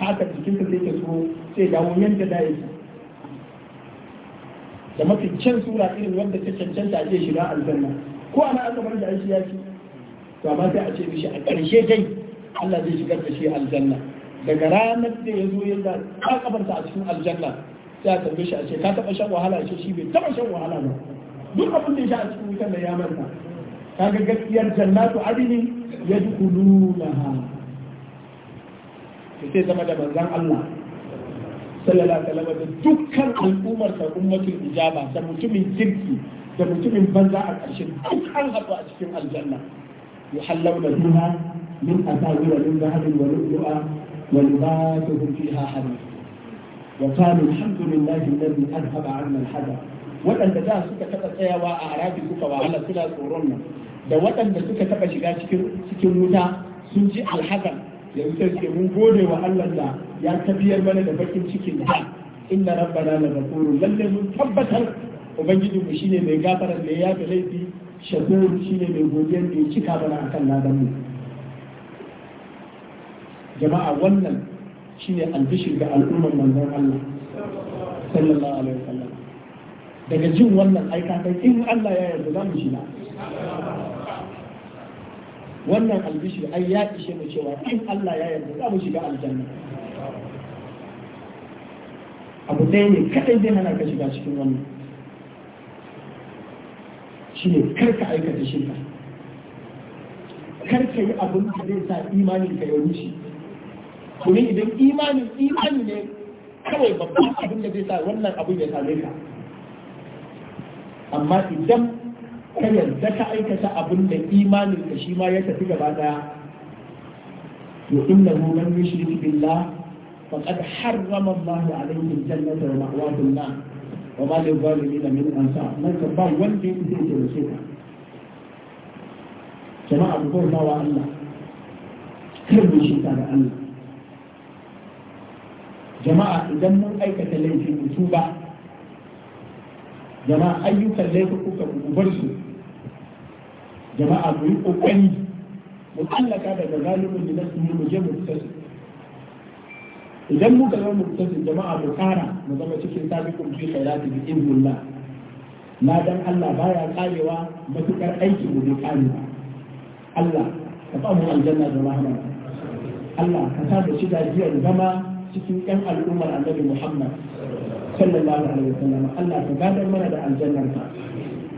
A: haka jikinsa sai ke so sai dawo yanda da yake da mafi can sura irin wanda ta cancanta a shiga aljanna ko ana aka bar da aiki ya ci to amma sai a ce mishi a ƙarshe dai Allah zai shigar da shi aljanna daga ranar da ya zo yadda ka kabarta a cikin aljanna sai a tambaye shi a ce ka taɓa shan wahala a ce shi bai taɓa shan wahala ba duk abin da ya sha a cikin wutan da ya manta kaga gaskiyar jannatu adini yadkhuluna to sai zama da manzan Allah sallallahu alaihi wasallam da dukkan al'ummar sa ummatul ijaba da mutumin kirki da mutumin banza a ƙarshen duk an haɗu a cikin aljanna yuhallawna fiha min asawira min zahabin wa lu'lu'a wa libasuhum fiha harir wa qalu alhamdulillahi alladhi adhhaba 'anna al-hadar waɗanda da suka taɓa tsayawa a harafi suka wahala suna tsoron nan da waɗanda suka taɓa shiga cikin wuta sun ji alhazan yanzu ce mun gode wa Allah da ya tafiyar mana da bakin cikin da inna rabbana la ghafurun lalle mun tabbatar ubangiji mu shine mai gafara da ya da laifi shakur shine mai godiyar da ya cika mana akan ladan mu jama'a wannan shine albishir ga al'ummar manzon Allah sallallahu alaihi wasallam daga jin wannan aika in Allah ya yarda za mu shiga wannan albishir ai ya ishe mu cewa in Allah ya yarda za mu shiga aljanna abu ɗaya ne kaɗai zai hana ka shiga cikin wannan shi ne karka aikata shirka karka yi abin da zai sa imanin ka ya rushe domin idan imanin imani ne kawai babban abin da zai sa wannan abin ya same ka amma idan ka yarda ka aikata abin da imanin ka shi ma ya tafi gaba daya to innahu man yushrik billah faqad harrama Allah alayhi al-jannata wa ma'wahu an-nar wa ma lil-zalimin min ansar man ka ba wanda yake da shi jama'a ku ba wa Allah kar mu shi da Allah jama'a idan mun aikata laifin ba. jama'a ayyukan laifuka kuka bar su jama'a ku yi kokari mu daga galibin da nasu mu je mu fita idan muka zama mu fita jama'a mu kara mu zama cikin sabiqun fi khairati bi idnillah na dan Allah baya karewa matukar aiki mu bai kare ba Allah ka ba mu aljanna da rahama Allah ka sa da shi da zama cikin ƴan al'ummar Annabi Muhammad صلى الله عليه وسلم ka gadar mana da aljannar ka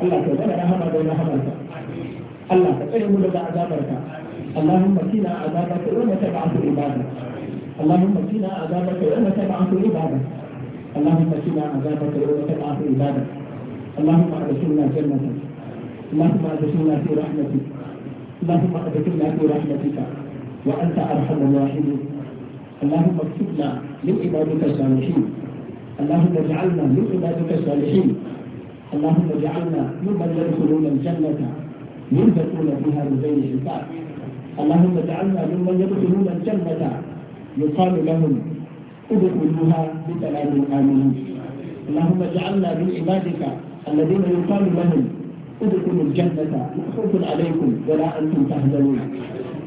A: Allah هذا bada هذا الله rahamar من هذا ka tsare mu daga azabar ka اللهم قنا عذابك يوم تبعث عبادك اللهم قنا عذابك يوم تبعث عبادك اللهم قنا عذابك يوم تبعث عبادك اللهم ادخلنا جنتك اللهم ادخلنا في رحمتك اللهم ادخلنا في رحمتك وانت ارحم الراحمين اللهم اكتبنا من عبادك الصالحين اللهم اجعلنا من عبادك الصالحين اللهم اجعلنا ممن يدخلون الجنة يلبسون فيها من غير حساب اللهم اجعلنا ممن يدخلون الجنة يقال لهم ادخلوها بسلام آمنين اللهم اجعلنا من عبادك الذين يقال لهم ادخلوا الجنة خوف عليكم ولا أنتم تهزمون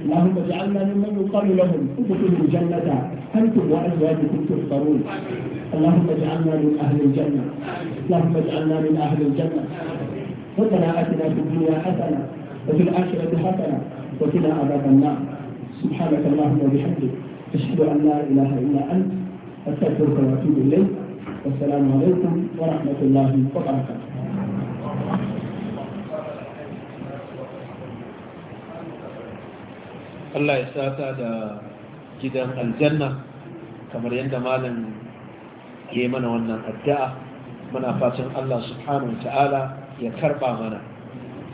A: اللهم اجعلنا ممن يقال لهم ادخلوا الجنة أنتم وأزواجكم تحصرون اللهم اجعلنا من أهل الجنة اللهم اجعلنا من أهل الجنة ربنا آتنا في الدنيا حسنة وفي الآخرة حسنة وكنا عذاب النار سبحانك اللهم وبحمدك أشهد أن لا إله إلا أنت أستغفرك وأتوب إليك والسلام عليكم ورحمة الله وبركاته Allah ya sata da gidan aljanna kamar yadda malam ya yi mana wannan addu'a muna fatan Allah subhanahu wa ta'ala ya karɓa mana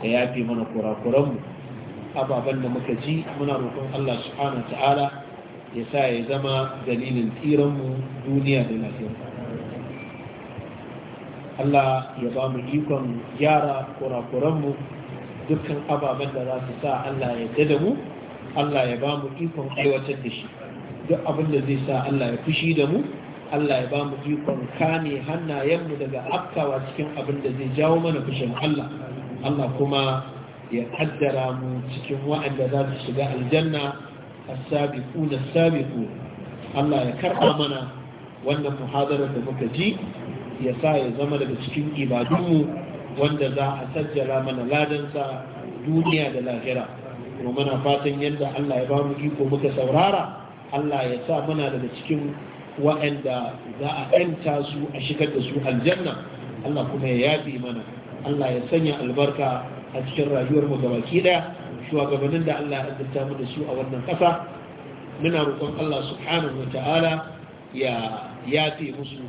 A: da yafi mana kurakuranmu ababen da muka ji muna roƙon Allah subhanahu wa ta'ala ya sa ya zama dalilin tsiranmu duniya da lafiya Allah ya ba mu ikon gyara kurakuranmu dukkan ababen da za su sa Allah ya da mu Allah ya ba mu ikon aiwatar da shi duk abin da zai sa Allah ya fushi da mu Allah ya ba mu ikon kame hannayenmu daga aftawa cikin abin da zai jawo mana fushin Allah Allah kuma ya kaddara mu cikin waɗanda za su shiga aljanna as-sabiquna as-sabiqun Allah ya karɓa mana wannan muhadarar da muka ji ya sa ya zama daga cikin ibadunmu wanda za a sajjala mana ladansa duniya da lahira kuma muna fatan yadda Allah ya ba mu iko muka saurara Allah ya sa muna daga cikin wa'anda za a ɗanta su a shigar da su aljanna Allah kuma ya yafi mana Allah ya sanya albarka a cikin rayuwar mu gabaki daya shugabannin da Allah ya azurta mu da su a wannan ƙasa muna roƙon Allah subhanahu wa ta'ala ya yafe musu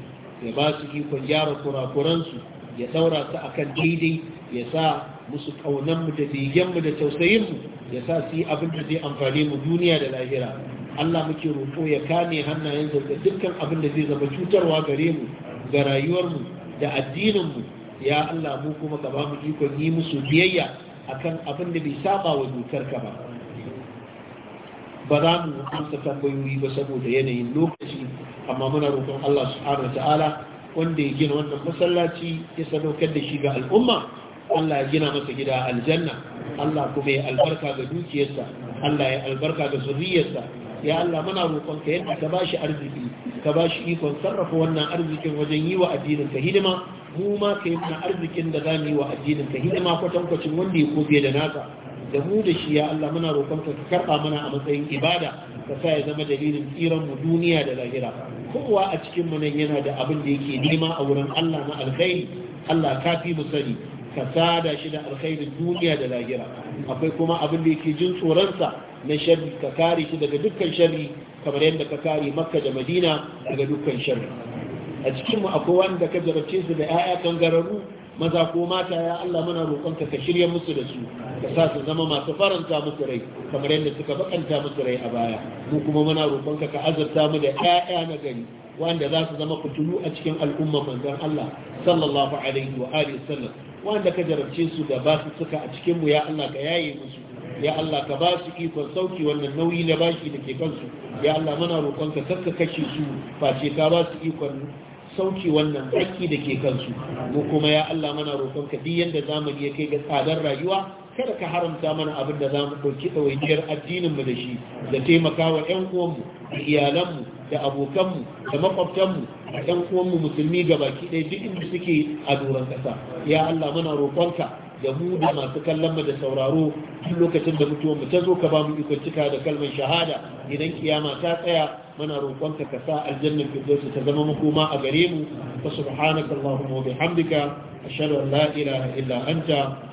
A: ya ba su ikon gyara kurakuransu ya daura su akan daidai ya sa musu ƙaunanmu da begenmu da tausayinmu ya sa su yi abin da zai amfani mu duniya da lahira Allah muke roƙo ya kame hannayen da dukkan abin da zai zama cutarwa gare mu ga rayuwarmu da addininmu ya Allah mu kuma ka mu ikon yi musu biyayya akan abin da bai saba wa ka ba ba za mu amsa tambayoyi ba saboda yanayin lokaci amma muna roƙon Allah subhanahu wanda ya gina wannan masallaci ya sadaukar da shi ga al'umma Allah ya gina masa gida aljanna Allah kuma ya albarka ga dukiyarsa Allah ya albarka ga zuriyarsa ya Allah muna roƙon ka yadda ka bashi arziki ka bashi ikon sarrafa wannan arzikin wajen yi wa addinin ka hidima mu ma ka yi mana arzikin da zamu yi wa addinin ka hidima kwatankwacin wanda ya kofe da naka da mu da shi ya Allah muna roƙon ka ka karɓa mana a matsayin ibada ka sa ya zama dalilin tsiran mu duniya da lahira kowa a cikin mu nan yana da abin da yake nema a wurin Allah na alkhairi Allah kafi mu sani ka sada shi da alkhairin duniya da lahira akwai kuma abin da yake jin tsoronsa na sharri ka kare shi daga dukkan sharri kamar yadda ka kare makka da madina daga dukkan sharri a cikin mu akwai wanda ka jarabce su da 'ya'ya kangararru maza ko mata ya Allah muna roƙonka ka shirya musu da su ka sa su zama masu faranta musu rai kamar yadda suka bakanta musu rai a baya mu kuma muna roƙonka ka azurta mu da 'ya'ya na gari wanda za su zama fitulu a cikin al'umma manzon Allah sallallahu alaihi wa alihi sallam wanda ka jarabce su da ba su suka a cikin mu ya Allah ka yaye musu ya Allah ka ba su ikon sauki wannan nauyi na bashi da ke kansu ya Allah muna ka kakka kashe su face ka ba su ikon sauki wannan haƙƙi da ke kansu mu kuma ya Allah muna ka duk yanda zamani ya kai ga tsadar rayuwa kada ka haramta mana abin da za mu ɗauki ɗawainiyar addininmu da shi da taimaka wa 'yan uwanmu da iyalanmu da abokanmu da makwabtanmu a 'yan uwanmu musulmi ga baki ɗaya duk inda suke a doron ƙasa ya Allah muna roƙonka da mu da masu kallon mu da sauraro duk lokacin da mutuwar mu ta zo ka ba mu ikon cika da kalmar shahada idan kiyama ta tsaya muna roƙonka ka sa aljannar firdausi ta zama makoma a gare mu wa subhanaka allahumma wa bihamdika ashhadu an la ilaha illa anta